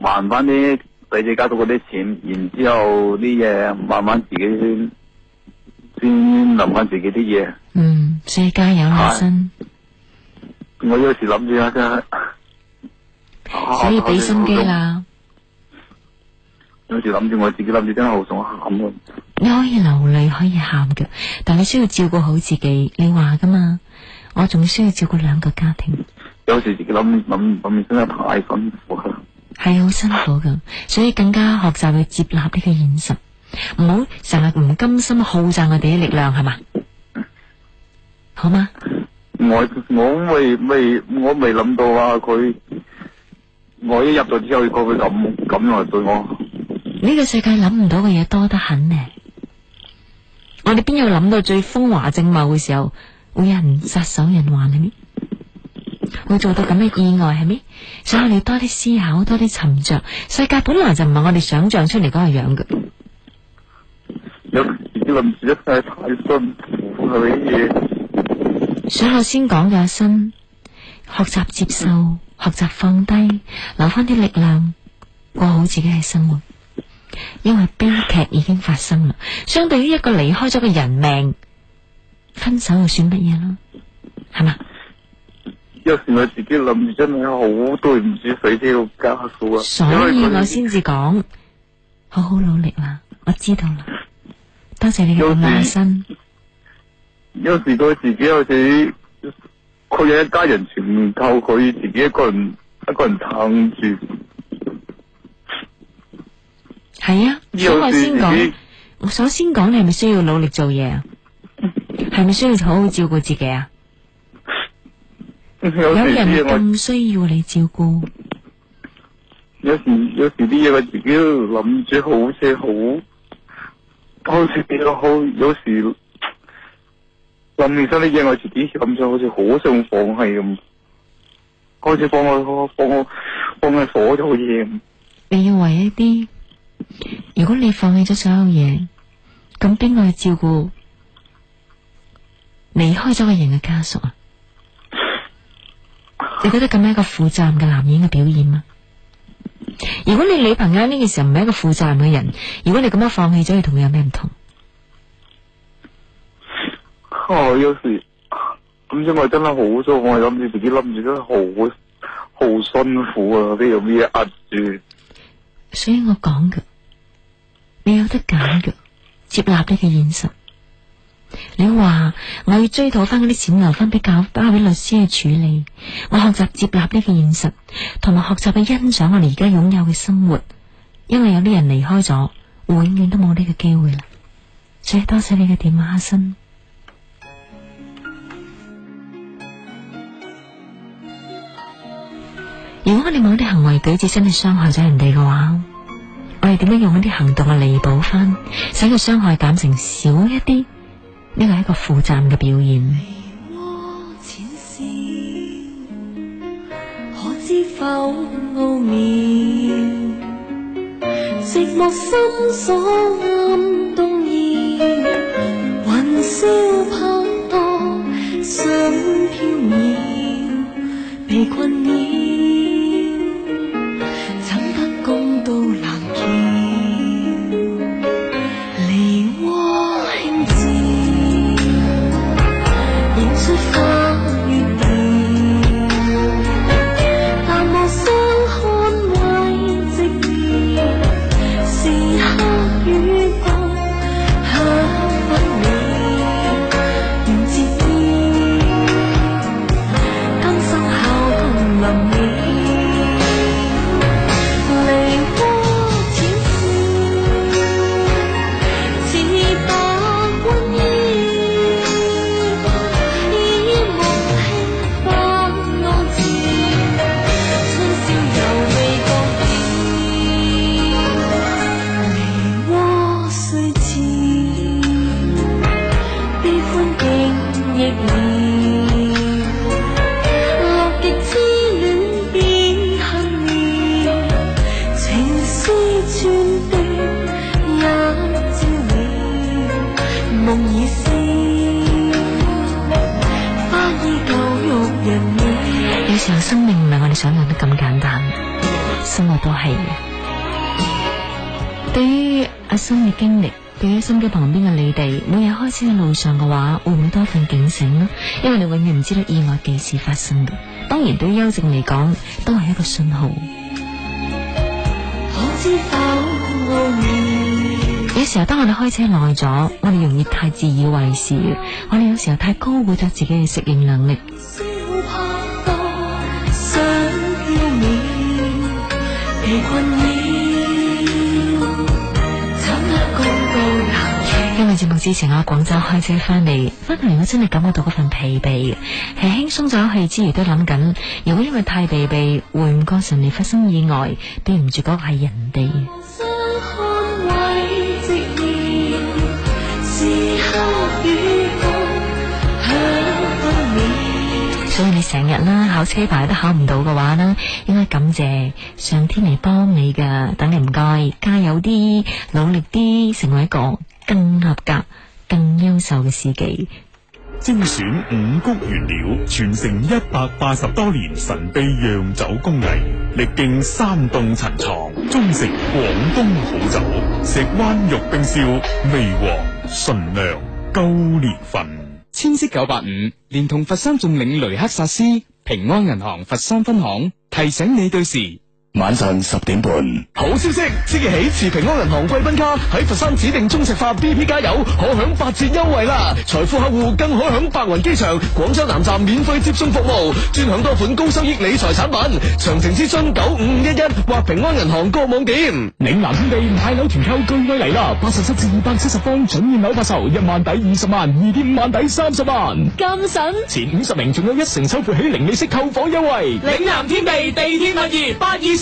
還翻啲。自己加到嗰啲錢，然之後啲嘢慢慢自己先先諗翻自己啲嘢。嗯，所以加油身，難伸。我有時諗住下啫。啊、所以俾心機啦。有時諗住，我自己諗住真係好想喊咯。啊啊啊，你可以流淚，可以喊嘅，但係需要照顧好自己。你話噶嘛？我仲需要照顧兩個家庭。有時自己諗諗諗，真係太辛苦係好辛苦噶，所以更加學習去接納呢個現實，唔好成日唔甘心耗盡我哋嘅力量，係嘛？好嗎？我我未未我未諗到啊！佢我一入到之後，佢咁咁樣對我，呢個世界諗唔到嘅嘢多得很呢。我哋邊有諗到最風華正茂嘅時候，會有人撒手人寰呢？會做到咁嘅意外係咪？所以我哋要多啲思考，多啲沉着。世界本來就唔係我哋想象出嚟嗰個樣嘅。諗住一世太辛苦係乜嘢？所以我先講嘅阿新，學習接受，學習放低，留翻啲力量過好自己嘅生活。因為悲劇已經發生啦。相對於一個離開咗嘅人命，分手又算乜嘢啦？係嘛？有時我自己諗住真係、啊、所以 好對唔住佢啲家屬 啊，所以我先至講好好努力啦，我知道啦，多謝你嘅關心。有時佢自己好似，佢嘅家人全靠佢自己一個人一個人撐住。係啊，所以我先講，我首先講你係咪需要努力做嘢啊？係咪 需要好好照顧自己啊？有人咁需要你照顧。有時，有時啲嘢，我自己都諗住好似好，好似變咗好。有時諗起身啲嘢，我自己諗住好似好想放棄咁，開始放棄，放棄，放棄火咗好嚴。你要為一啲，如果你放棄咗所有嘢，咁邊個去照顧離開咗個人嘅家屬啊？你覺得咁樣一個負責任嘅男人嘅表現啊？如果你女朋友呢個時候唔係一個負責任嘅人，如果你咁樣放棄咗，你同佢有咩唔同？我有時咁因為真係好咗，我係諗住自己諗住真係好好辛苦啊！都要咩壓住？所以我講嘅，你有得揀嘅，接納呢嘅現實。你話我要追討翻啲錢，留翻俾教，交俾律師去處理。我學習接納呢個現實，同埋學習去欣賞我哋而家擁有嘅生活，因為有啲人離開咗，永遠都冇呢個機會啦。所以多謝你嘅電話，阿生。 如果我哋某啲行為舉止真係傷害咗人哋嘅話，我哋點樣用一啲行動去彌補翻，使佢傷害感情少一啲？呢個係一個負責任嘅表現。梨渦淺笑，可知否？奧妙寂寞深鎖暗動搖，魂消魄蕩心飄渺，被困擾。咁簡單，生活都係嘅。對於阿生嘅經歷，對於身邊旁邊嘅你哋，每日開車嘅路上嘅話，會唔會多一份警醒呢？因為你永遠唔知道意外幾時發生嘅。當然，對於幽靜嚟講，都係一個信號。知有時候，當我哋開車耐咗，我哋容易太自以為是，我哋有時候太高估咗自己嘅適應能力。因為節目之前啊，我喺廣州開車翻嚟，翻嚟我真係感覺到嗰份疲憊嘅，係輕鬆咗一氣之餘都諗緊，如果因為太疲憊會唔覺神利發生意外，對唔住嗰個係人哋。所以你成日啦考車牌都考唔到嘅話咧，應該感謝上天嚟幫你噶，等你唔該，加油啲，努力啲，成為一個更合格、更優秀嘅司機。精選五穀原料，傳承一百八十多年神秘釀酒工藝，歷經山洞陳藏，終成廣東好酒。石灣玉冰燒，味和醇釀，高年份。千色九八五，連同佛山駿領雷克薩斯、平安銀行佛山分行，提醒你對時。晚上十點半，好消息！即日起持平安銀行貴賓卡喺佛山指定中石化 BP 加油，可享八折優惠啦！財富客戶更可享白雲機場、廣州南站免費接送服務，專享多款高收益理財產品。詳情諮詢九五五一一或平安銀行各網點。嶺南天地買樓團購钜惠嚟啦！八十七至二百七十方準現樓發售，一萬抵二十萬，二點五萬抵三十萬。咁省神前五十名仲有一成首付起零利息購房優惠。嶺南天地地鐵物業八二。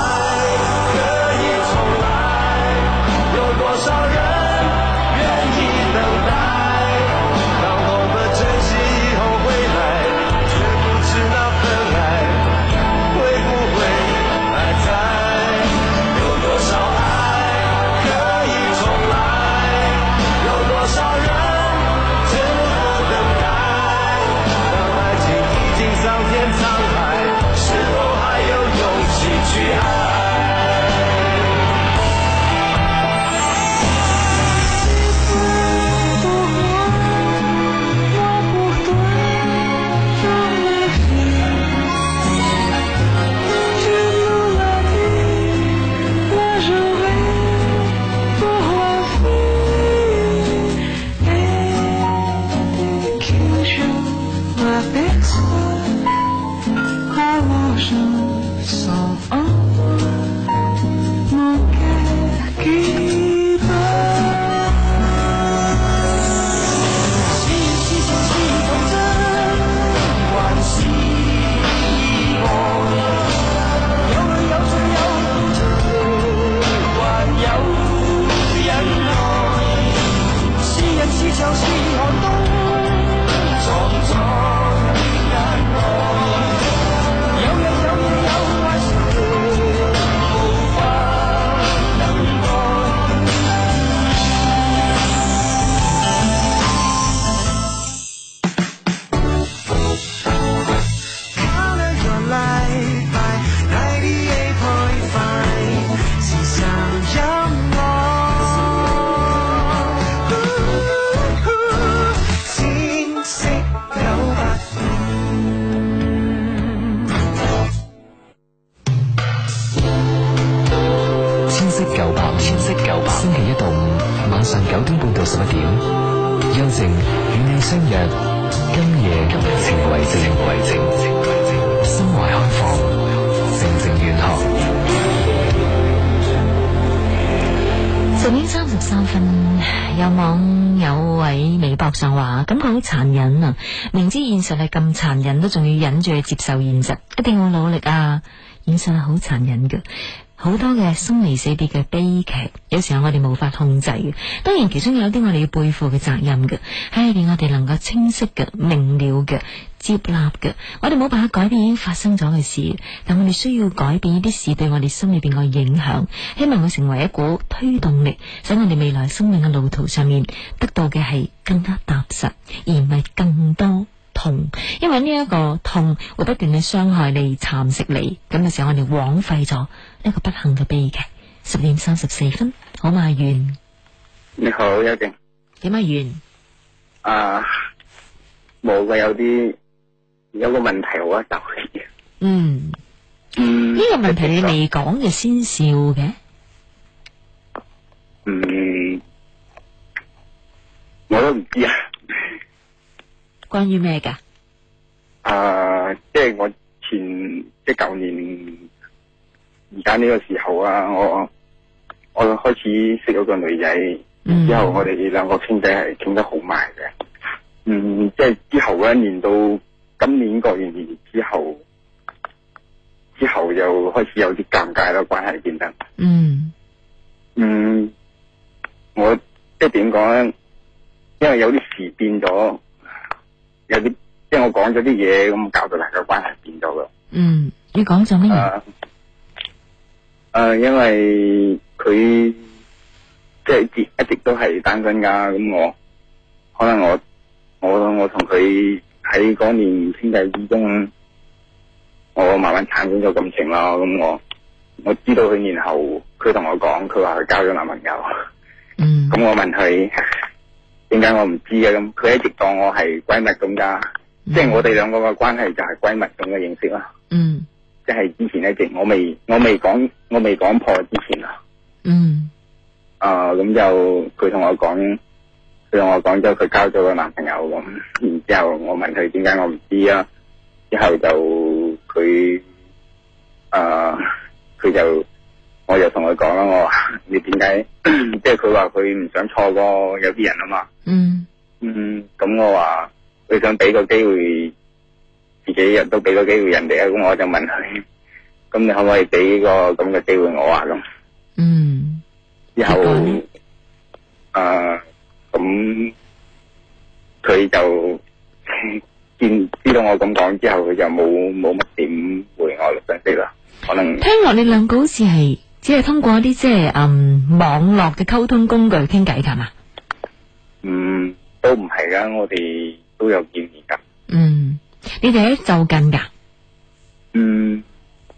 接受現實，一定要努力啊！現實係好殘忍嘅，好多嘅生離死別嘅悲劇，有時候我哋無法控制嘅。當然，其中有啲我哋要背負嘅責任嘅喺裏邊，我哋能夠清晰嘅、明了嘅、接納嘅。我哋冇辦法改變已經發生咗嘅事，但我哋需要改變呢啲事對我哋心裏邊嘅影響。希望佢成為一股推動力，使我哋未來生命嘅路途上面得到嘅係更加踏實，而唔係更多。痛，因為呢一個痛會不斷嘅傷害你、蠶食你，咁嘅時候我哋枉費咗呢個不幸嘅悲劇。十點三十四分，好嘛？完。你好，邱靜。點解？完？啊，冇嘅，有啲有個問題我覺得。嗯。嗯。呢個問題你未講嘅先笑嘅。嗯，我都唔知啊。關於咩㗎？誒、呃，即、就、係、是、我前即係舊年，而家呢個時候啊，我我就開始識咗個女仔、嗯、之後，我哋兩個傾偈係傾得好埋嘅。嗯，即、就、係、是、之後一、啊、年到今年過完年之後，之後又開始有啲尷尬啦，關係變得嗯嗯，我即係點講咧？因為有啲事變咗。有啲，即係我講咗啲嘢，咁搞到大家關係變咗咯。嗯，你講咗咩啊？誒、呃呃，因為佢即係一直都係單身噶，咁我可能我我我同佢喺嗰年兄弟之中，我慢慢產生咗感情啦。咁我我知道佢然後，佢同我講，佢話佢交咗男朋友。嗯。咁 我問佢。點解我唔知啊？咁佢一直當我係閨蜜咁噶，嗯、即係我哋兩個嘅關係就係閨蜜咁嘅認識啦、啊。嗯，即係之前一直我未我未講我未講破之前啊。嗯。啊，咁就佢同我講，佢同我講咗，佢交咗個男朋友咁，然之後我問佢點解我唔知啊，之後就佢，啊，佢就。我就同佢講啦，我話你點解？ 即係佢話佢唔想錯過有啲人啊嘛。嗯嗯，咁、嗯、我話佢想俾個機會，自己亦都俾個機會人哋啊。咁、嗯、我就問佢，咁你可唔可以俾個咁嘅機會我啊？咁嗯，之後啊咁，佢就見知道我咁講之後，佢就冇冇乜點回我信息啦。可能聽落你兩句字係。只係通過一啲即係嗯網絡嘅溝通工具傾偈噶嘛？嗯，都唔係噶，我哋都有見面噶。嗯，你哋喺就近噶？嗯，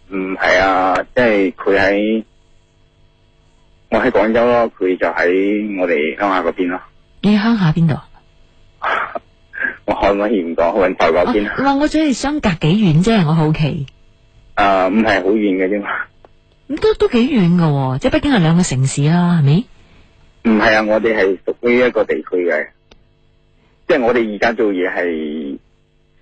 唔係啊，即係佢喺我喺廣州咯，佢就喺我哋鄉下嗰邊咯。你鄉下邊度？我喺雲港，雲浮嗰邊。唔係，我想係相隔幾遠啫，我好奇。啊，唔係好遠嘅啫嘛。都都幾遠噶，哦，即係北京係兩個城市啦，係咪？唔係啊，我哋係屬於一個地區嘅，即係我哋而家做嘢係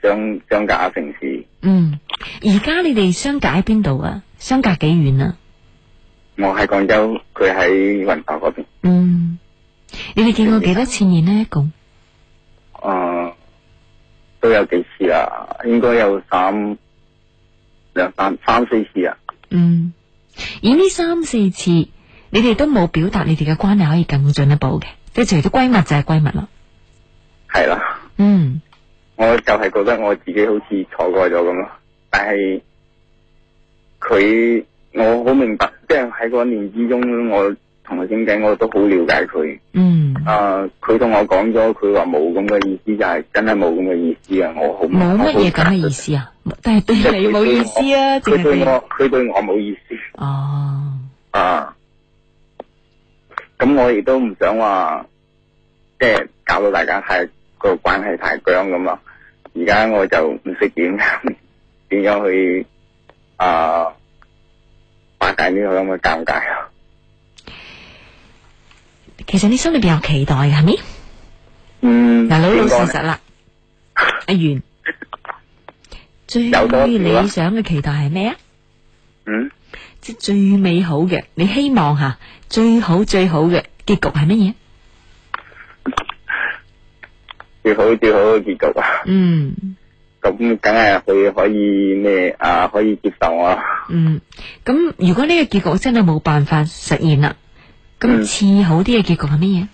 相相隔城市。嗯，而家你哋相隔喺邊度啊？相隔幾遠啊？我喺廣州，佢喺雲浮嗰邊。嗯，你哋見過幾多次面呢，一共？啊、呃，都有幾次啊？應該有三兩三三四次啊。嗯。以呢三四次，你哋都冇表達你哋嘅關係可以更進一步嘅，即係除咗閨蜜就係閨蜜咯。係啦的，嗯，我就係覺得我自己好似錯過咗咁咯，但係佢我好明白，即係喺嗰一年之中我。同佢傾偈，我都好了解佢、嗯呃。嗯。啊，佢同我講咗，佢話冇咁嘅意思，就係真係冇咁嘅意思啊！我好冇乜嘢咁嘅意思啊，但係對你冇意思啊！即係對我，佢對我冇意思。哦。啊。咁我亦都唔想話，即係搞到大家太個關係太僵咁咯。而家我就唔識點點樣去啊化解呢個咁嘅尷尬。其實你心裏邊有期待嘅，係咪？嗯，嗱，老老實實啦，阿源，最理想嘅期待係咩啊？嗯，即最美好嘅，你希望吓最好最好嘅結局係乜嘢？最好最好嘅結局啊！嗯，咁梗係佢可以咩啊？可以接受啊！嗯，咁如果呢個結局真係冇辦法實現啦。咁似好啲嘅結果係乜嘢？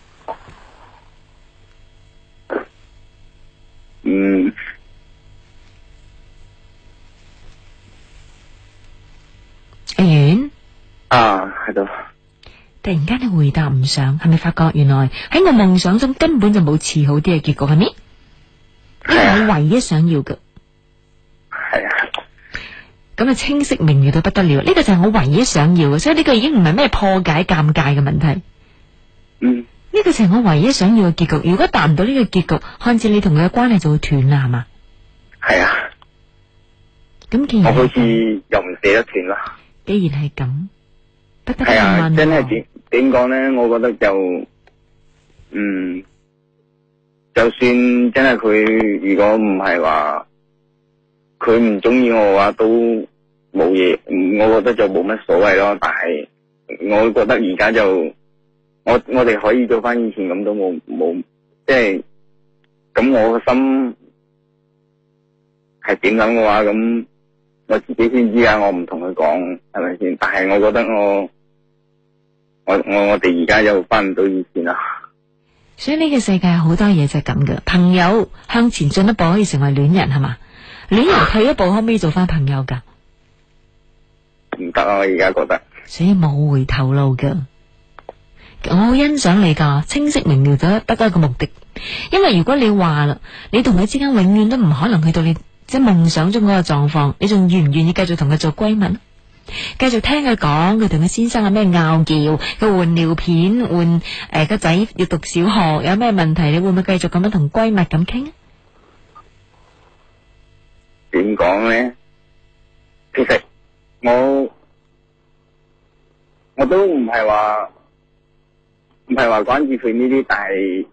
嗯，阿、嗯嗯、啊，喺度。突然間你回答唔上，係咪發覺原來喺我夢想中根本就冇似好啲嘅結果係咩？啊、因為你唯一想要嘅。咁啊，清晰明了到不得了，呢個就係我唯一想要嘅，所以呢個已經唔係咩破解尷尬嘅問題。嗯，呢個就係我唯一想要嘅結局。如果達唔到呢個結局，看似你同佢嘅關係就會斷啦，係嘛？係啊。咁既然我好似又唔捨得斷啦。既然係咁，不得唔係啊，真係點點講咧？我覺得就，嗯，就算真係佢如果唔係話。佢唔中意我嘅話都冇嘢，我覺得就冇乜所謂咯。但係我覺得而家就我我哋可以做翻以前咁都冇冇，即係咁我個心係點諗嘅話，咁我自己先知啊。我唔同佢講係咪先？但係我覺得我我我我哋而家就翻唔到以前啦。所以呢個世界好多嘢就係咁嘅，朋友向前進一步可以成為戀人，係嘛？你又退一步可唔可以做翻朋友噶？唔得啊！我而家覺得，所以冇回頭路噶。我好欣賞你噶，清晰明了咗得到一個目的。因為如果你話啦，你同佢之間永遠都唔可能去到你即係夢想中嗰個狀況，你仲願唔願意繼續同佢做閨蜜？繼續聽佢講佢同佢先生有咩拗撬，佢換尿片換誒個、呃、仔要讀小學有咩問題，你會唔會繼續咁樣同閨蜜咁傾？點講咧？其實我我都唔係話唔係話關注佢呢啲，但係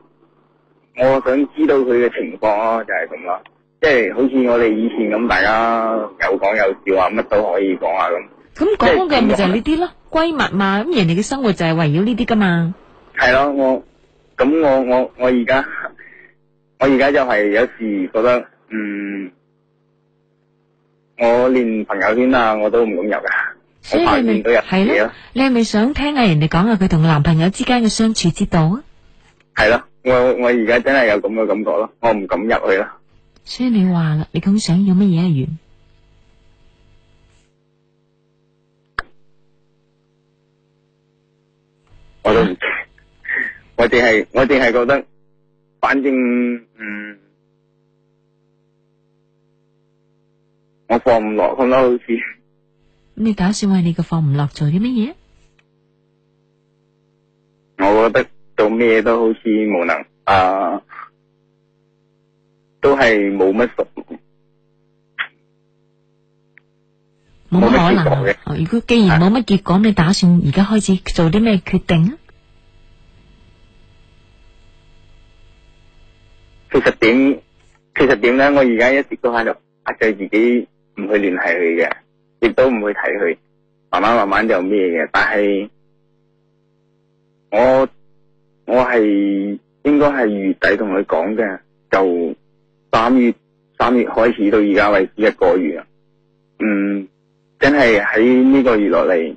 我想知道佢嘅情況咯，就係咁咯。即係好似我哋以前咁，大家有講有笑啊，乜都可以、嗯、是講下咁。咁講嘅咪就係呢啲咯，閨蜜嘛。咁人哋嘅生活就係圍繞呢啲噶嘛。係咯、嗯，我咁我我我而家我而家就係有時覺得嗯。我連朋友圈啊，我都唔敢入噶，我怕見到人哋咯。你係咪想聽下人哋講下佢同男朋友之間嘅相處之道啊？係咯，我我而家真係有咁嘅感覺咯，我唔敢入去咯。所以你話啦，你咁想要乜嘢嘢完？我都唔知，我淨係我淨係覺得，反正嗯。我放唔落，咁咯，好似咁。你打算為你嘅放唔落做啲乜嘢？我覺得做咩嘢都好似無能啊，都係冇乜熟，冇乜可能。如果既然冇乜結果，你打算而家開始做啲咩決定啊？其實點，其實點咧？我而家一直都喺度壓制自己。唔去聯繫佢嘅，亦都唔去睇佢，慢慢慢慢就咩嘅。但係我我係應該係月底同佢講嘅，就三月三月開始到而家為止一個月啊。嗯，真係喺呢個月落嚟，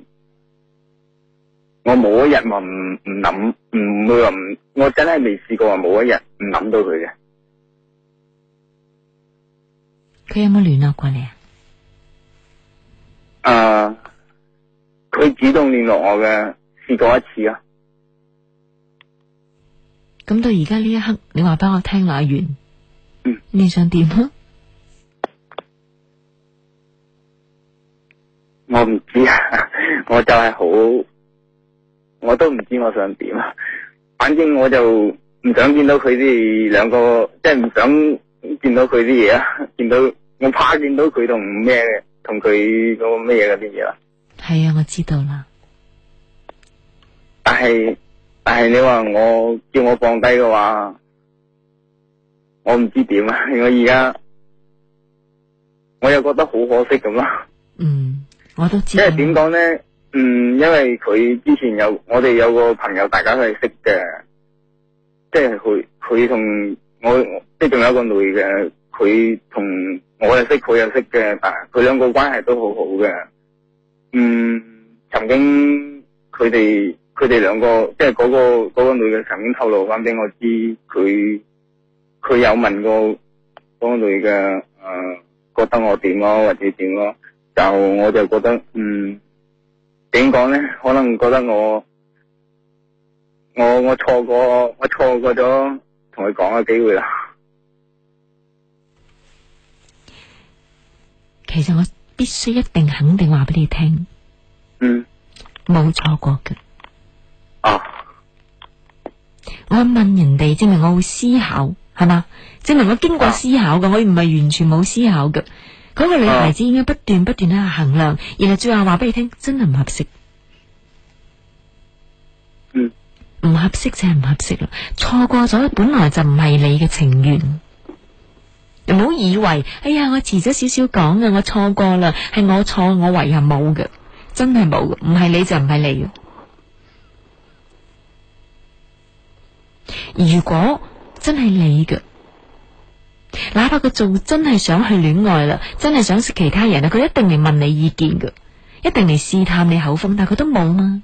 我冇一日話唔唔諗，唔會話唔，我真係未試過話冇一日唔諗到佢嘅。佢有冇聯絡過你啊？啊，佢、uh, 主動聯絡我嘅，試過一次啊。咁到而家呢一刻，你話俾我聽，阿源，嗯、你想點啊？我唔知啊，我就係好，我都唔知我想點啊。反正我就唔想見到佢哋兩個，即係唔想見到佢啲嘢啊，見到我怕見到佢同咩？同佢嗰個乜嘢嗰啲嘢啦，係啊，我知道啦。但係但係你話我叫我放低嘅話，我唔知點啊！我而家我又覺得好可惜咁咯。嗯，我都知。因為點講咧？嗯，因為佢之前有我哋有個朋友，大家都係識嘅，即係佢佢同我即仲有一個女嘅。佢同我又識，佢又識嘅，誒，佢兩個關係都好好嘅。嗯，曾經佢哋佢哋兩個，即係嗰、嗰個、嗰個女嘅曾經透露翻俾我知，佢佢有問過個女嘅，誒、呃，覺得我點咯，或者點咯，就我就覺得，嗯，點講咧，可能覺得我我我錯過，我錯過咗同佢講嘅機會啦。其實我必須一定肯定話俾你聽，嗯，冇錯過嘅。哦、啊，我問人哋，證明我會思考，係嘛？證明我經過思考嘅，我唔係完全冇思考嘅。嗰、那個女孩子應該不斷不斷喺度衡量，然後最後話俾你聽，真係唔合適。嗯，唔合適就係唔合適啦，錯過咗本來就唔係你嘅情緣。嗯唔好以為，哎呀，我遲咗少少講嘅，我錯過啦，係我錯，我為人冇嘅，真係冇嘅，唔係你就唔係你。如果真係你嘅，哪怕佢仲真係想去戀愛啦，真係想識其他人啦，佢一定嚟問你意見嘅，一定嚟試探你口風，但佢都冇嘛、啊。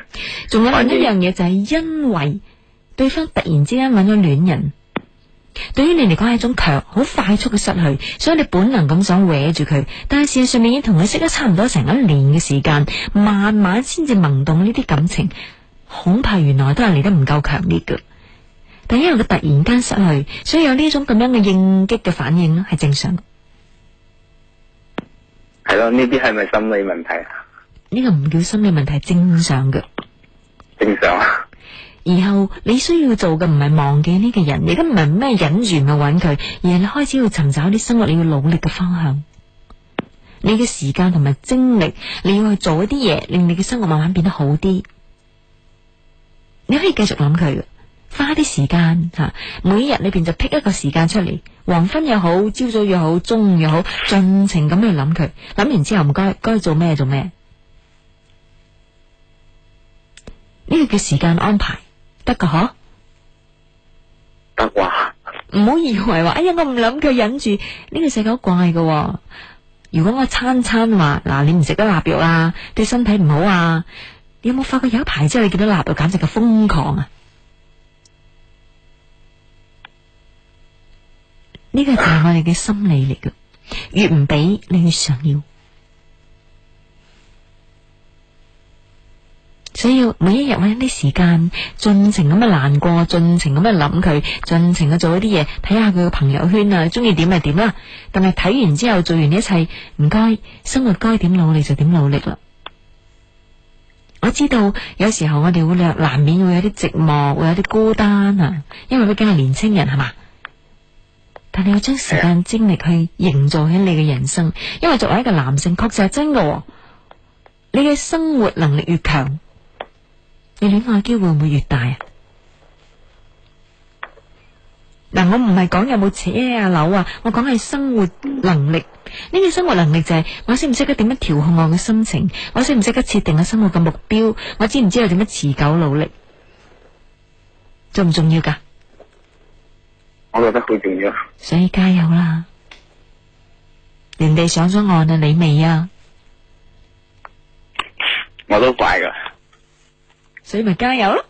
仲有另一樣嘢，就係因為對方突然之間揾咗戀人，對於你嚟講係一種強好快速嘅失去，所以你本能咁想搲住佢。但係事實上，面已經同佢識得差唔多成一年嘅時間，慢慢先至萌動呢啲感情，恐怕原來都係嚟得唔夠強烈噶。但因為佢突然間失去，所以有呢種咁樣嘅應激嘅反應，係正常。係咯，呢啲係咪心理問題啊？呢個唔叫心理問題，正常噶。然後你需要做嘅唔係忘記呢個人，亦都唔係咩忍住去揾佢，而係你開始要尋找啲生活你要努力嘅方向。你嘅時間同埋精力，你要去做一啲嘢，令你嘅生活慢慢變得好啲。你可以繼續諗佢嘅，花啲時間吓，每日裏邊就闢一個時間出嚟，黃昏又好，朝早又好，中午又好，盡情咁去諗佢。諗完之後唔該，該做咩做咩。呢個叫時間安排得噶吧嗬，得啩。唔好以為話哎呀，我唔諗佢忍住呢、呢個世界好怪噶。如果我餐餐話嗱，你唔食得臘肉啊，對身體唔好啊，你有冇發覺有一排之後，你見到臘肉簡直係瘋狂啊？呢、呢個就係我哋嘅心理嚟噶，越唔俾你越想要。所以每一日搵啲時間，盡情咁樣難過，盡情咁樣諗佢，盡情去做一啲嘢，睇下佢嘅朋友圈啊，中意點就點啦。但係睇完之後，做完呢一切，唔該，生活該點努力就點努力啦。我知道有時候我哋會難，難免會有啲寂寞，會有啲孤單啊。因為畢竟係年輕人，係嘛？但你要將時間精力去營造起你嘅人生，因為作為一個男性，確實係真嘅。你嘅生活能力越強。你戀愛機會會唔會越大，嗯，啊。嗱，我唔係講有冇車啊、樓啊，我講係生活能力。呢個生活能力就係我識唔識得點樣調控我嘅心情，我識唔識得設定我生活嘅目標，我知唔知道點樣持久努力，重唔重要噶？我覺得好重要。所以加油啦！人哋上咗岸啊，你未啊？我都怪噶。所以咪加油咯！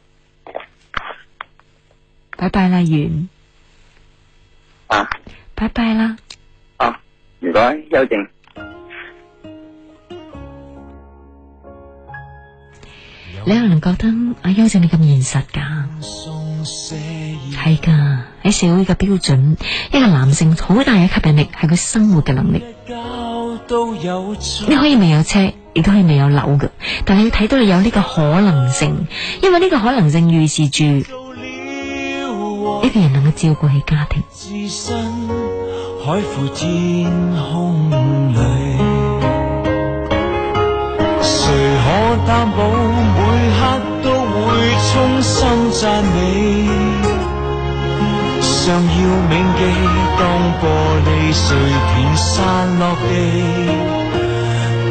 拜拜啦，完啊！拜拜啦！啊，唔該，邱靜，你又唔覺得阿邱靜你咁現實噶？係噶，喺社會嘅標準，一個男性好大嘅吸引力係佢生活嘅能力。你可以未有車。亦都係未有樓嘅，但係要睇到你有呢個可能性，因為呢個可能性預示住呢個人能夠照顧起家庭。置身海闊天空裡，誰可擔保每刻都會衷心讚美，尚要銘記當玻璃碎片散落地。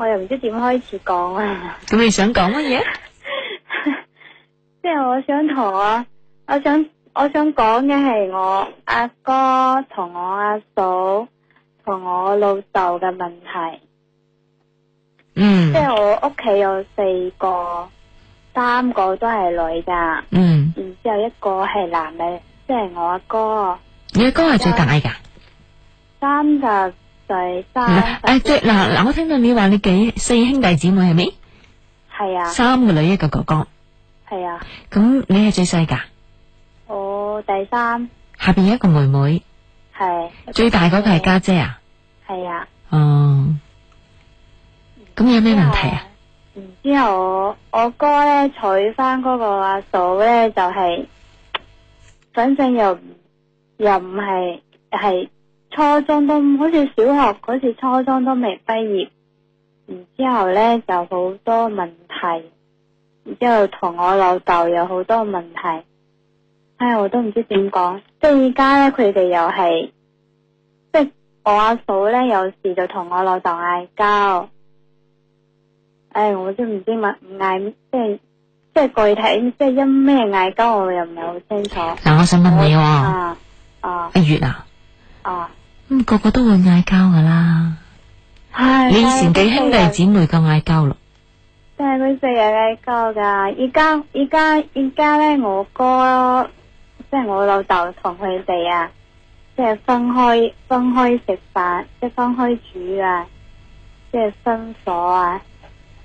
我又唔知點開始講啊！咁你想講乜嘢？即係我想同我，我想我想講嘅係我阿哥同我阿嫂同我老豆嘅問題。嗯。即係我屋企有四個，三個都係女噶。嗯。然之後一個係男嘅，即係我阿哥。你阿哥係最大噶？三噶。第三，誒、啊，即係嗱嗱，啊啊、我聽到你話你幾四兄弟姊妹係咪？係啊。三個女一個哥哥。係啊。咁你係最細噶？我第三。下邊有一個妹妹。係。最大嗰個係家姐啊？係啊、嗯。哦。咁有咩問題啊？之後我，我哥咧娶翻嗰個阿嫂咧，就係，反正又又唔係係。初中都好似小學嗰時，初中都未畢業，然之後咧就好多問題，然之後同我老豆有好多問題，唉，我都唔知點講。即係而家咧，佢哋又係，即係我阿嫂咧有事就同我老豆嗌交，唉，我都唔知問嗌，即係即係具體即係因咩嗌交，我又唔係好清楚。嗱，我想問你，哦，啊啊一月啊，啊。啊啊啊咁、嗯、個個都會嗌交噶啦，的你以前幾兄弟姊妹夠嗌交咯，但係佢成日嗌交噶，而家而家而家咧，我哥即係、就是、我老豆同佢哋啊，即、就、係、是、分開分開食飯，即、就、係、是、分開煮啊，即、就、係、是、分火啊，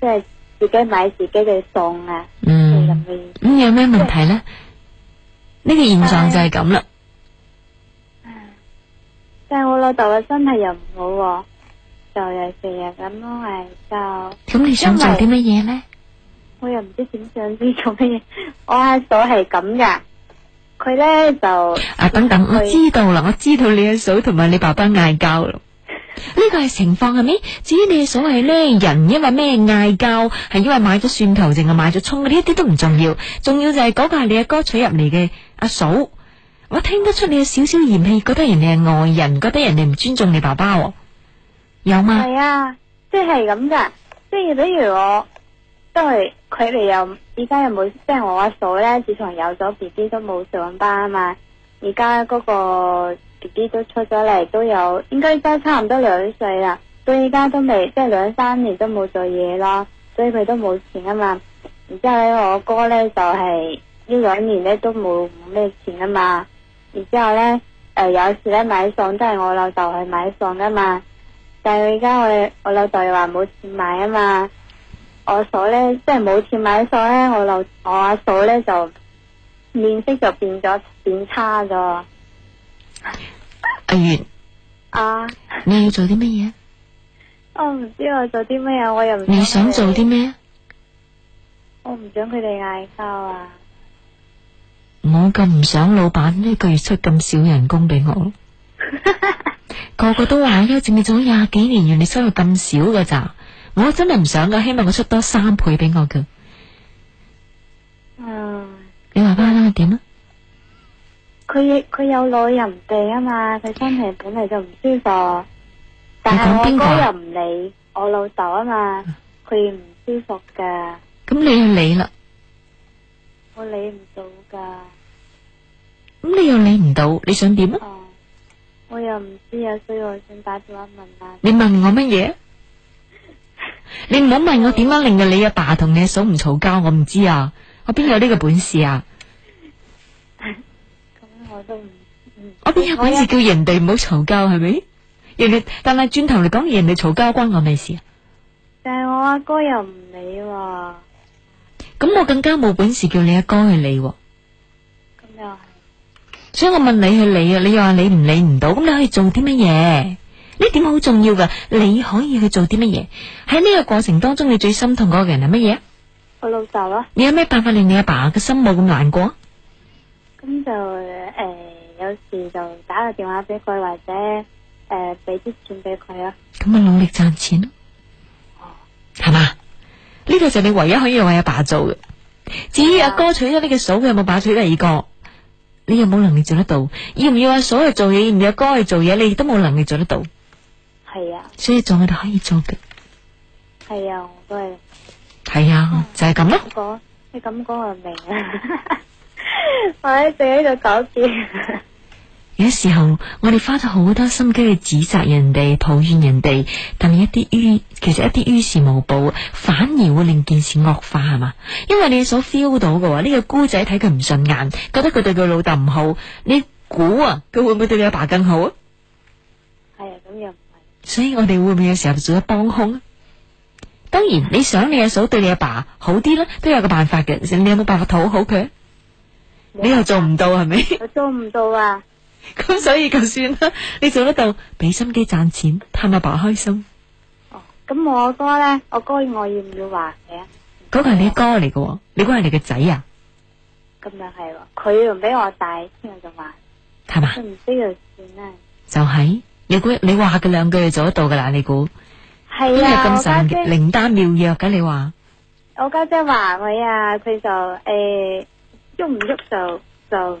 即、就、係、是、自己買自己嘅餸啊，嗯，咁、嗯、有咩問題咧？呢的個現狀就係咁啦。但係我老豆嘅身體又唔好，就又成日咁樣嗌交。咁你、嗯、為想做啲乜嘢呢？我又唔知點想知做乜嘢。我阿嫂係咁噶，佢呢就啊，等等，我知道啦，我知道你阿嫂同埋你爸爸嗌交咯。呢個係情況係咪？至於你所謂呢人因為咩嗌交，係因為買咗蒜頭定係買咗葱呢啲，一啲都唔重要。重要就係嗰個係你阿哥娶入嚟嘅阿嫂。我聽得出你有少少嫌棄，覺得人哋係外人，覺得人哋唔尊重你爸爸，有嗎？係啊，即係咁噶，即係比如我都係佢哋又依家又冇，即係我阿嫂咧，自從有咗 B B 都冇上班啊嘛。而家嗰個 B B 都出咗嚟，都有應該都差唔多兩歲啦。到依家都未，即係兩三年都冇做嘢啦，所以佢都冇錢啊嘛。然之後咧，我哥咧就係呢兩年咧都冇冇咩錢啊嘛。然之後咧，誒、呃，有時咧買餸都係我老豆去買餸噶嘛，但係而家我我老豆又話冇錢買啊嘛，我嫂咧即係冇錢買餸咧，我老我阿嫂咧就面色就變咗變差咗。阿源啊，你要做啲乜嘢？我唔知我做啲乜嘢，我又唔。你想做啲咩？我唔想佢哋嗌交啊！我咁唔想老闆呢個月出咁少人工俾我，個個都話休職咗廿幾年，原來收入咁少噶咋？我真係唔想噶，希望佢出多三倍俾我嘅。你爸爸點啊？佢佢有老人病啊嘛，佢身體本嚟就唔舒服，但係邊個又唔理我老豆啊嘛，佢唔舒服噶。咁你去理啦？我理唔到噶。咁你又理唔到，你想點啊？哦，我又唔知啊，所以我想打電話問下。你問我乜嘢？ 你唔好問我點樣令到你阿爸同你阿嫂唔嘈交，我唔知啊，我邊有呢個本事啊？咁 我都唔，我邊有本事叫人哋唔好嘈交係咪？人哋但係轉頭嚟，講，人哋嘈交關我咩事啊？但係我阿哥又唔理喎。咁我更加冇本事叫你阿哥去理喎。所以我問你去理啊，你又話理唔理唔到，咁你可以做啲乜嘢？呢點好重要噶，你可以去做啲乜嘢？喺呢個過程當中，你最心痛嗰個人係乜嘢？我老豆咯。你有咩辦法令你阿爸嘅心冇咁難過？咁就誒、呃，有時就打個電話俾佢，或者誒俾啲錢俾佢啊。咁啊，努力賺錢咯、啊。哦，係嘛？呢、這個就你唯一可以為阿爸做嘅。至於阿哥取咗呢個數，佢有冇把取第二個？你又冇能力做得到？要唔要阿嫂去做嘢？要唔要哥去做嘢？你亦都冇能力做得到。係啊，所以做我哋可以做嘅。係啊，我都係。係啊，嗯、就係咁咯。你咁講我明啊。 我喺自己度搞掂。 有時候我哋花咗好多心機去指責人哋、抱怨人哋，但係一啲於其實一啲於事無補，反而會令件事惡化係嘛？因為你所 feel 到嘅話，呢、這個姑仔睇佢唔順眼，覺得佢對佢老豆唔好，你估啊，佢會唔會對你阿爸，爸更好啊？係啊，咁又唔係。所以我哋會唔會有時候做得幫兇啊？當然，你想你阿嫂對你阿爸，爸好啲啦，都有個辦法嘅。你有冇辦法討好佢？啊、你又做唔到係咪？我做唔到啊！咁所以就算啦，你做得到，俾心機賺錢，氹阿爸開心。哦，咁我阿哥咧，我哥我要唔要話你？嗰個係你哥嚟嘅，你估係你嘅仔啊？咁又係，佢又唔俾我帶，聽日就話係嘛？唔需要算啦。就係你估，你話嘅兩句做得到嘅啦，你估係啊？今日咁神靈丹妙藥嘅，你話？我家姐話我呀，佢就誒喐唔喐就就。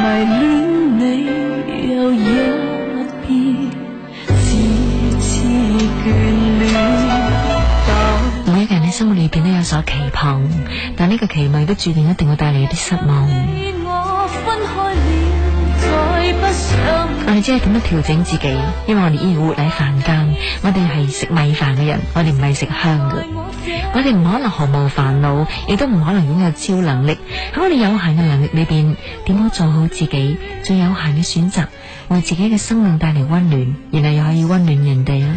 迷戀你又一次眷戀，每一個人喺心裏邊都有所期望，但呢個期望都注定一定會帶嚟一啲失望。我哋即係點樣調整自己？因為我哋依然活喺凡間，我哋係食米飯嘅人，我哋唔係食香嘅，我哋唔可能毫無煩惱，亦都唔可能擁有超能力。喺我哋有限嘅能力裏邊，點樣做好自己？最有限嘅選擇，為自己嘅生命帶嚟溫暖，然後又可以溫暖人哋咧。